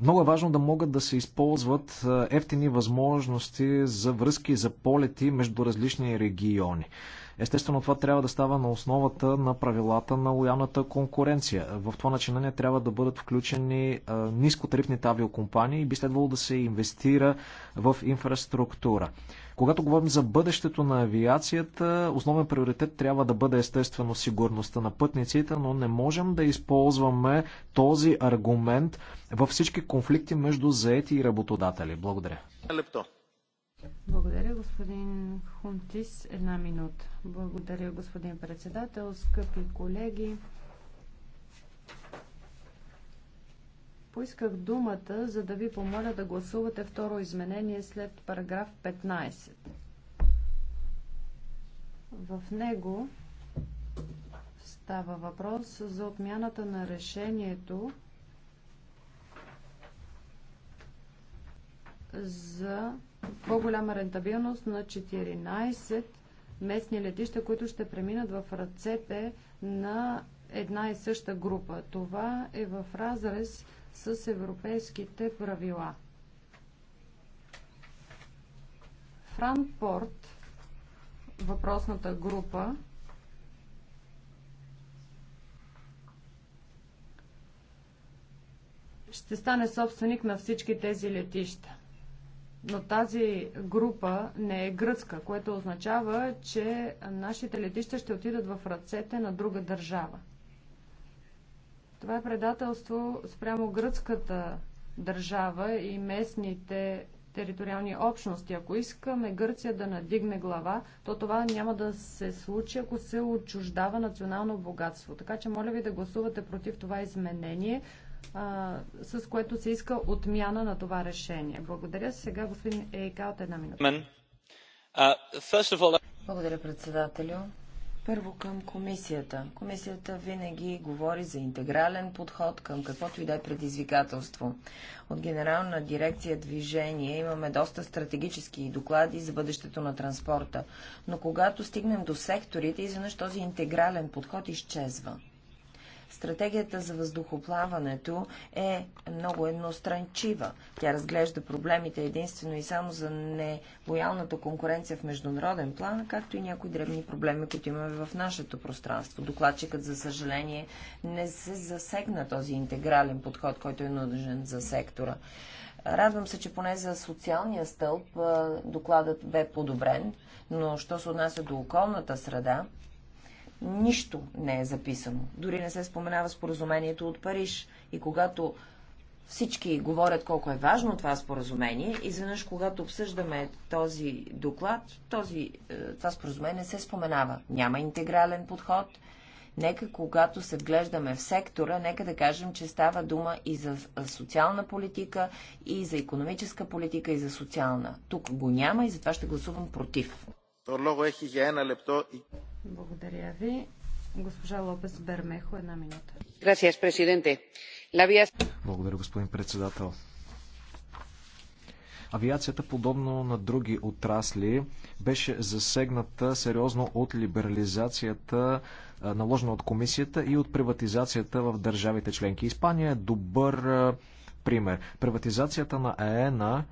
S4: Много е важно да могат да се използват ефтини възможности за връзки, за полети между различни региони. Естествено, това трябва да става на основата на правилата на лоялната конкуренция. В това начинание трябва да бъдат включени нискотарифните авиокомпании и би следвало да се инвестира в инфраструктура. Когато говорим за бъдещето на авиацията, основен приоритет трябва да бъде естествено сигурността на пътниците, но не можем да използваме този аргумент във всички конфликти между заети и работодатели. Благодаря.
S1: Благодаря, господин Хунтис. Една минута. Благодаря, господин председател, скъпи колеги. Поисках думата, за да ви помоля да гласувате второ изменение след параграф 15. В него става въпрос за отмяната на решението за по-голяма рентабилност на 14 местни летища, които ще преминат в ръцете на една и съща група. Това е в разрез с европейските правила. Франпорт, въпросната група, ще стане собственик на всички тези летища. Но тази група не е гръцка, което означава, че нашите летища ще отидат в ръцете на друга държава. Това е предателство спрямо гръцката държава и местните териториални общности. Ако искаме Гърция да надигне глава, то това няма да се случи, ако се отчуждава национално богатство. Така че моля ви да гласувате против това изменение, а, с което се иска отмяна на това решение. Благодаря. Сега господин Ейка от една минута.
S3: Благодаря, председателю. Първо към комисията.
S1: Комисията
S3: винаги говори за интегрален подход към каквото и да е предизвикателство. От Генерална дирекция движение имаме доста стратегически доклади за бъдещето на транспорта. Но когато стигнем до секторите, изведнъж този интегрален подход изчезва. Стратегията за въздухоплаването е много едностранчива. Тя разглежда проблемите единствено и само за нелоялната конкуренция в международен план, както и някои древни проблеми, които имаме в нашето пространство. Докладчикът, за съжаление, не се засегна този интегрален подход, който е нужен за сектора. Радвам се, че поне за социалния стълб докладът бе подобрен, но що се отнася до околната среда, нищо не е записано. Дори не се споменава споразумението от Париж. И когато всички говорят колко е важно това споразумение, изведнъж когато обсъждаме този доклад, този, е, това споразумение се споменава. Няма интегрален подход. Нека когато се вглеждаме в сектора, нека да кажем, че става дума и за социална политика, и за економическа политика, и за социална. Тук го няма и затова ще гласувам
S2: против. Благодаря
S1: ви. Госпожа Бермехо, една минута.
S4: Благодаря, господин председател. Авиацията, подобно на други отрасли, беше засегната сериозно от либерализацията, наложена от комисията и от приватизацията в държавите членки. Испания е добър пример. Приватизацията на АЕНА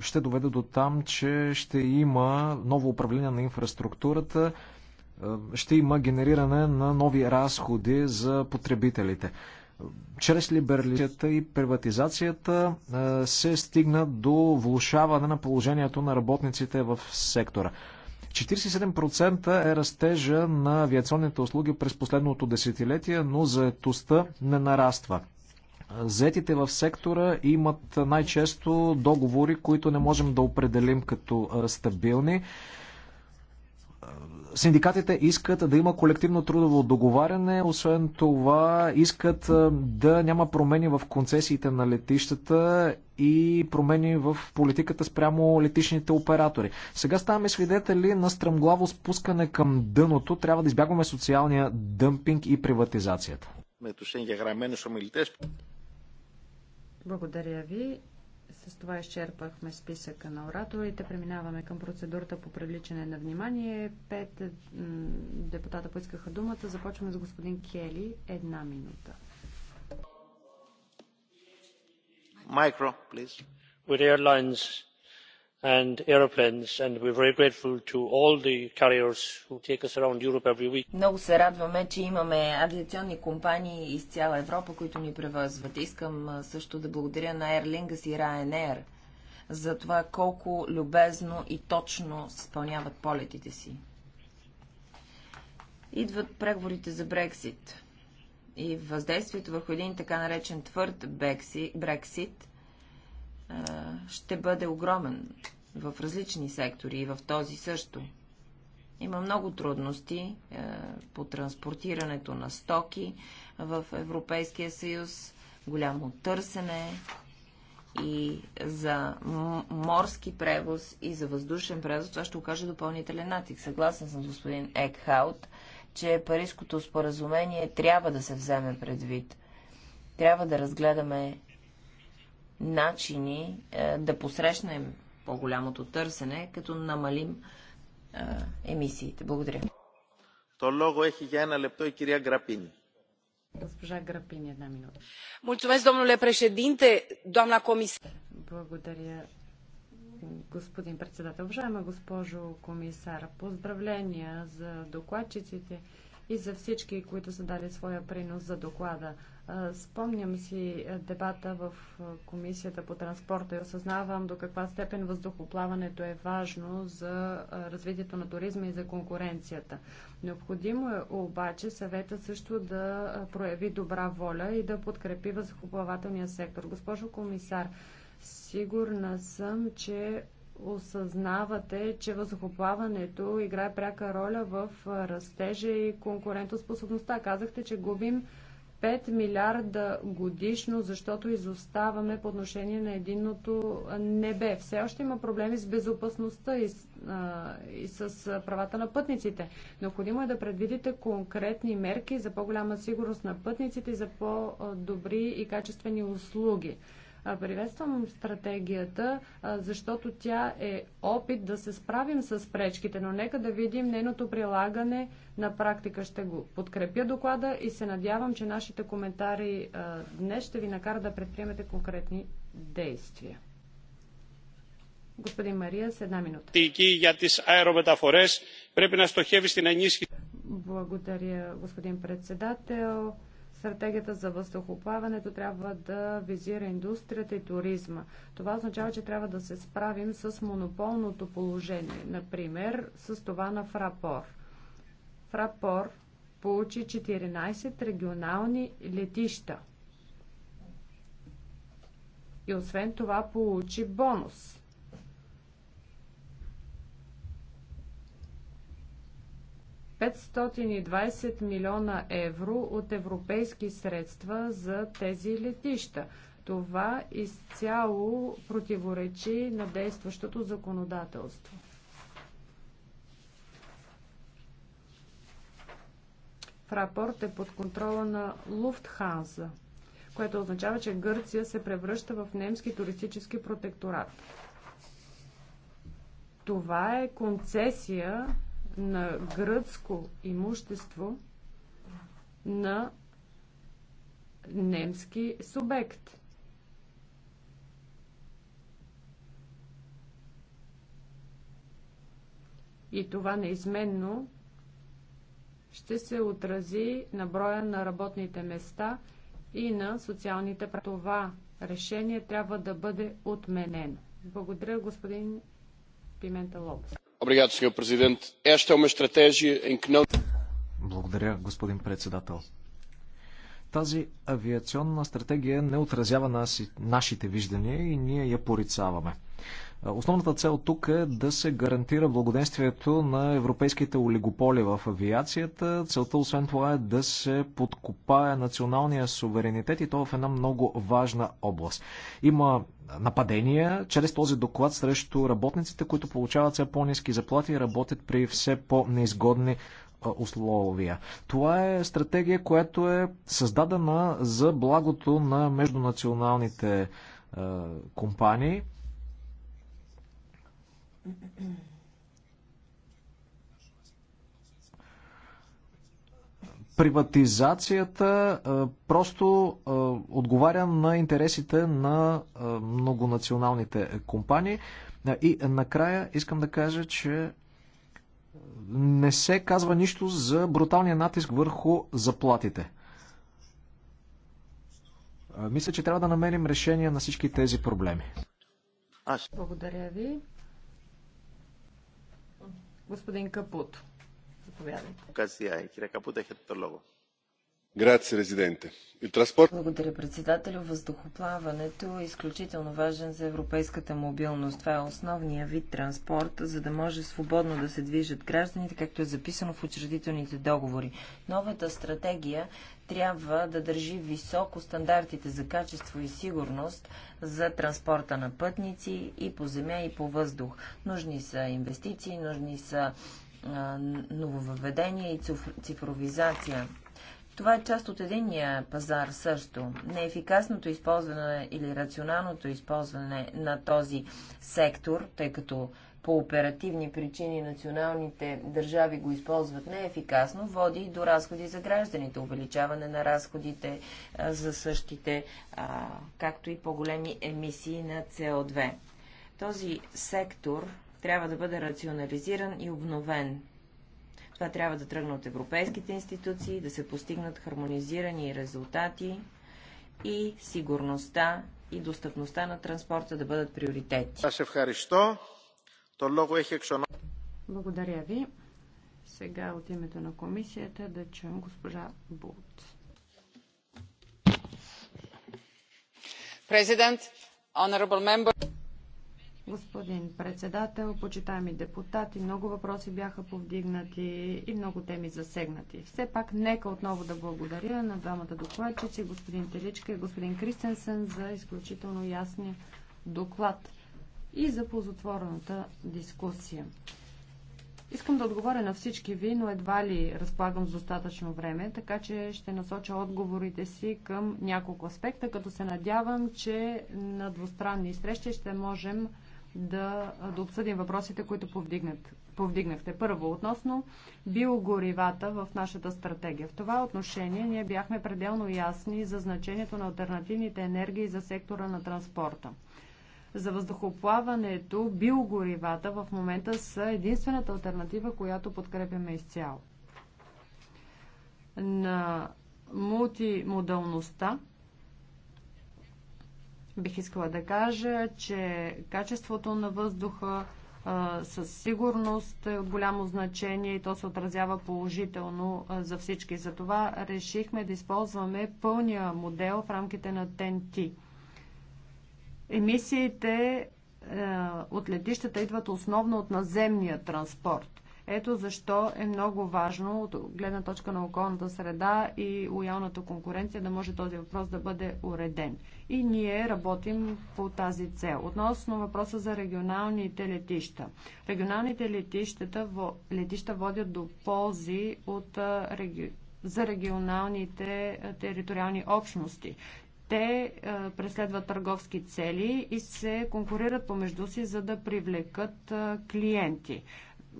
S4: ще доведе до там, че ще има ново управление на инфраструктурата, ще има генериране на нови разходи за потребителите. Чрез либерализацията и приватизацията се стигна до влушаване на положението на работниците в сектора. 47% е растежа на авиационните услуги през последното десетилетие, но заетостта не нараства. Заетите в сектора имат най-често договори, които не можем да определим като стабилни. Синдикатите искат да има колективно трудово договаряне, освен това искат да няма промени в концесиите на летищата и промени в политиката спрямо летишните оператори. Сега ставаме свидетели на стръмглаво спускане към дъното. Трябва да избягваме социалния дъмпинг и приватизацията.
S1: Благодаря ви. С това изчерпахме списъка на ораторите. Преминаваме към процедурата по привличане на внимание. Пет депутата поискаха думата. Започваме с господин Кели. Една минута.
S2: Майкро, please. With airlines and aeroplanes and are very grateful to all the carriers who take us around Europe every week.
S3: Много се радваме, че имаме авиационни компании из цяла Европа, които ни превозват. Искам също да благодаря на Air Lingus и Ryanair за това колко любезно и точно изпълняват полетите си. Идват преговорите за Брексит и въздействието върху един така наречен твърд Брексит ще бъде огромен в различни сектори и в този също. Има много трудности е, по транспортирането на стоки в Европейския съюз, голямо търсене и за морски превоз и за въздушен превоз. Това ще окаже допълнителен натиск. Съгласен съм с господин Екхаут, че Парижското споразумение трябва да се вземе предвид. Трябва да разгледаме начини е, да посрещнем по-голямото търсене, като намалим а, емисиите. Благодаря.
S2: То лого е για ένα λεπτό η κυρία Γκραπίνη.
S1: Госпожа Грапини, една минута. Мулțumesc, domnule președinte, doamna комисар. Благодаря, господин председател. Уважаема госпожо комисар, поздравления за докладчиците и за всички, които са дали своя принос за доклада. Спомням си дебата в Комисията по транспорта и осъзнавам до каква степен въздухоплаването е важно за развитието на туризма и за конкуренцията. Необходимо е обаче съвета също да прояви добра воля и да подкрепи въздухоплавателния сектор. Госпожо комисар, сигурна съм, че осъзнавате, че възхоплаването играе пряка роля в растежа и конкурентоспособността. Казахте, че губим 5 милиарда годишно, защото изоставаме по отношение на единното небе. Все още има проблеми с безопасността и, а, и с правата на пътниците. Необходимо е да предвидите конкретни мерки за по-голяма сигурност на пътниците и за по-добри и качествени услуги. Приветствам стратегията, защото тя е опит да се справим с пречките, но нека да видим нейното прилагане на практика. Ще го подкрепя доклада и се надявам, че нашите коментари днес ще ви накарат да предприемете конкретни действия. Господин Мария, с една минута. Благодаря, господин председател. Стратегията за въздухоплаването трябва да визира индустрията и туризма. Това означава, че трябва да се справим с монополното положение, например с това на Фрапор. Фрапор получи 14 регионални летища. И освен това получи бонус – 520 милиона евро от европейски средства за тези летища. Това изцяло противоречи на действащото законодателство. Фрапорт е под контрола на Луфтханза, което означава, че Гърция се превръща в немски туристически протекторат. Това е концесия на гръцко имущество на немски субект. И това неизменно ще се отрази на броя на работните места и на социалните права. Това решение трябва да бъде отменено. Благодаря, господин Пимента Лобс.
S4: Благодаря, господин председател. Тази авиационна стратегия не отразява нашите виждания и ние я порицаваме. Основната цел тук е да се гарантира благоденствието на европейските олигополи в авиацията. Целта освен това е да се подкопае националния суверенитет и то в една много важна област. Има нападения чрез този доклад срещу работниците, които получават все по-низки заплати и работят при все по-неизгодни условия. Това е стратегия, която е създадена за благото на междунационалните е, компании. Приватизацията просто отговаря на интересите на многонационалните компании. И накрая искам да кажа, че не се казва нищо за бруталния натиск върху заплатите. Мисля, че трябва да намерим решение на всички тези проблеми.
S1: Аз. Благодаря ви. Господин Капуто. Заповядайте.
S2: Казия, кире Капуто, ехте то благодаря,
S3: председателю. Въздухоплаването е изключително важен за европейската мобилност. Това е основния вид транспорт, за да може свободно да се движат гражданите, както е записано в учредителните договори. Новата стратегия трябва да държи високо стандартите за качество и сигурност за транспорта на пътници и по земя, и по въздух. Нужни са инвестиции, нужни са нововъведения и цифровизация това е част от единния пазар също. Неефикасното използване или рационалното използване на този сектор, тъй като по оперативни причини националните държави го използват неефикасно, води до разходи за гражданите, увеличаване на разходите за същите, както и по-големи емисии на СО2. Този сектор трябва да бъде рационализиран и обновен. Това трябва да тръгне от европейските институции, да се постигнат хармонизирани резултати и сигурността и достъпността на
S1: транспорта да бъдат приоритети. Благодаря ви. Сега от името на комисията да чуем госпожа Бут. Президент, honorable member. Господин председател, почитаеми депутати, много въпроси бяха повдигнати и много теми засегнати. Все пак, нека отново да благодаря на двамата докладчици, господин Теличка и господин Кристенсен, за изключително ясния доклад и за ползотворената дискусия. Искам да отговоря на всички ви, но едва ли разполагам с достатъчно време, така че ще насоча отговорите си към няколко аспекта, като се надявам, че на двустранни срещи ще можем да, да обсъдим въпросите, които повдигнат, повдигнахте. Първо, относно биогоривата в нашата стратегия. В това отношение ние бяхме пределно ясни за значението на альтернативните енергии за сектора на транспорта. За въздухоплаването биогоривата в момента са единствената альтернатива, която подкрепяме изцяло. На мултимодалността Бих искала да кажа, че качеството на въздуха със сигурност е от голямо значение и то се отразява положително за всички. Затова решихме да използваме пълния модел в рамките на ТНТ. Емисиите от летищата идват основно от наземния транспорт. Ето защо е много важно от гледна точка на околната среда и лоялната конкуренция да може този въпрос да бъде уреден. И ние работим по тази цел. Относно въпроса за регионалните летища. Регионалните летищата, летища водят до ползи от, за регионалните териториални общности те а, преследват търговски цели и се конкурират помежду си, за да привлекат а, клиенти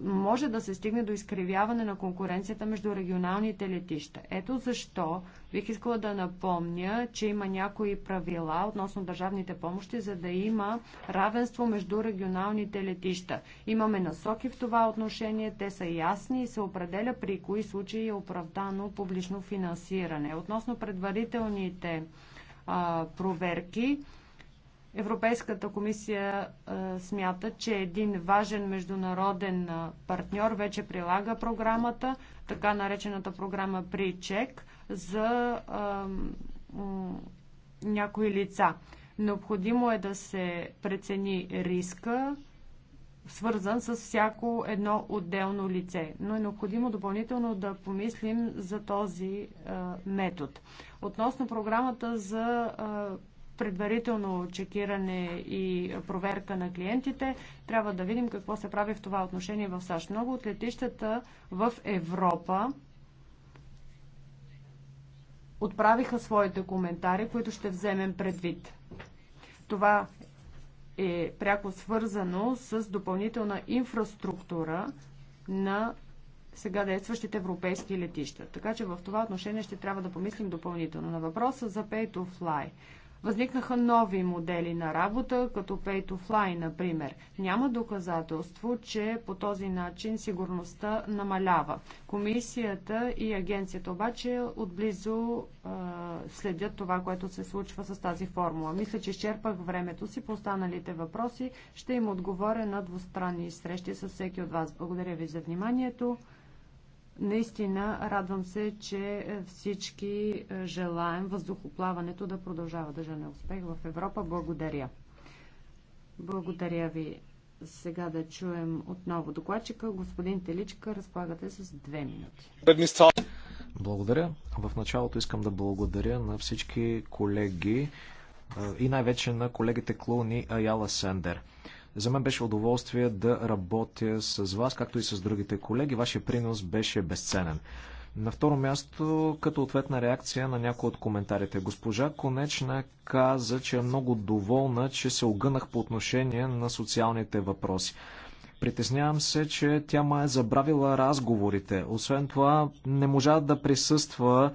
S1: може да се стигне до изкривяване на конкуренцията между регионалните летища. Ето защо бих искала да напомня, че има някои правила относно държавните помощи, за да има равенство между регионалните летища. Имаме насоки в това отношение, те са ясни и се определя при кои случаи е оправдано публично финансиране. Относно предварителните а, проверки, Европейската комисия а, е, смята, че един важен международен е, партньор вече прилага програмата, така наречената програма Причек за а, е, някои лица. Необходимо е да се прецени риска, свързан с всяко едно отделно лице. Но е необходимо допълнително да помислим за този а, метод. Относно програмата за а, предварително чекиране и проверка на клиентите. Трябва да видим какво се прави в това отношение в САЩ. Много от летищата в Европа отправиха своите коментари, които ще вземем предвид. Това е пряко свързано с допълнителна инфраструктура на сега действащите европейски летища. Така че в това отношение ще трябва да помислим допълнително на въпроса за pay to fly. Възникнаха нови модели на работа, като pay to fly, например. Няма доказателство, че по този начин сигурността намалява. Комисията и агенцията обаче отблизо е, следят това, което се случва с тази формула. Мисля, че изчерпах времето си по останалите въпроси. Ще им отговоря на двустранни срещи с всеки от вас. Благодаря ви за вниманието. Наистина радвам се, че е, всички е, желаем въздухоплаването да продължава да жене успех в Европа. Благодаря. Благодаря ви. Сега да чуем отново докладчика. Господин Теличка, разполагате с две минути.
S4: Благодаря. В началото искам да благодаря на всички колеги е, и най-вече на колегите Клоуни Аяла Сендер. За мен беше удоволствие да работя с вас, както и с другите колеги. Вашия принос беше безценен. На второ място, като ответна реакция на някои от коментарите, госпожа Конечна каза, че е много доволна, че се огънах по отношение на социалните въпроси. Притеснявам се, че тя ма е забравила разговорите. Освен това, не можа да присъства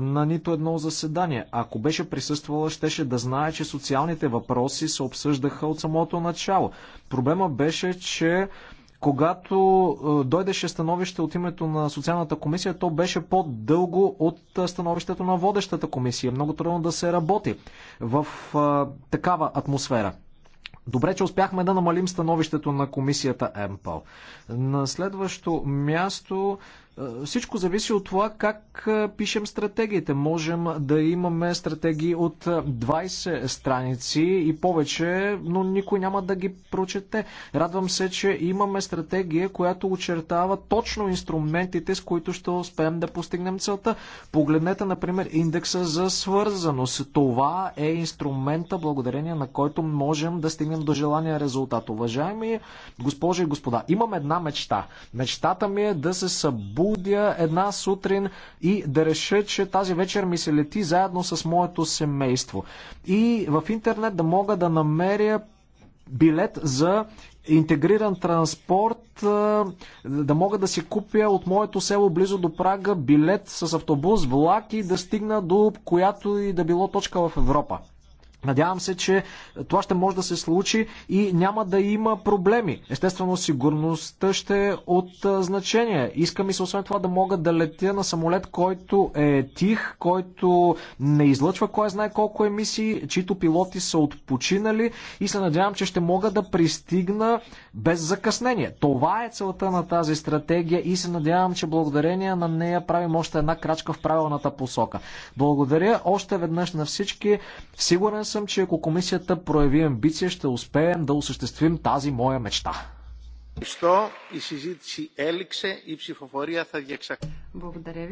S4: на нито едно заседание. Ако беше присъствала, щеше да знае, че социалните въпроси се обсъждаха от самото начало. Проблема беше, че когато дойдеше становище от името на социалната комисия, то беше по-дълго от становището на водещата комисия. Много трудно да се работи в а, такава атмосфера. Добре, че успяхме да намалим становището на комисията МПО. На следващо място е, всичко зависи от това как е, пишем стратегиите. Можем да имаме стратегии от 20 е, страници и повече, но никой няма да ги прочете. Радвам се, че имаме стратегия, която очертава точно инструментите, с които ще успеем да постигнем целта. Погледнете, например, индекса за свързаност. Това е инструмента, благодарение на който можем да стигнем до желания резултат. Уважаеми госпожи и господа, имам една мечта. Мечтата ми е да се събу събудя една сутрин и да реша, че тази вечер ми се лети заедно с моето семейство. И в интернет да мога да намеря билет за интегриран транспорт, да мога да си купя от моето село близо до Прага билет с автобус, влак и да стигна до която и да било точка в Европа. Надявам се, че това ще може да се случи и няма да има проблеми. Естествено, сигурността ще е от значение. Искам и се освен това да мога да летя на самолет, който е тих, който не излъчва кой знае колко емисии, чието пилоти са отпочинали и се надявам, че ще мога да пристигна без закъснение. Това е целта на тази стратегия и се надявам, че благодарение на нея правим още една крачка в правилната посока. Благодаря още веднъж на всички. Сигурен съм, съм, че ако комисията прояви амбиция, ще успеем да осъществим тази моя мечта.
S1: Благодаря ви.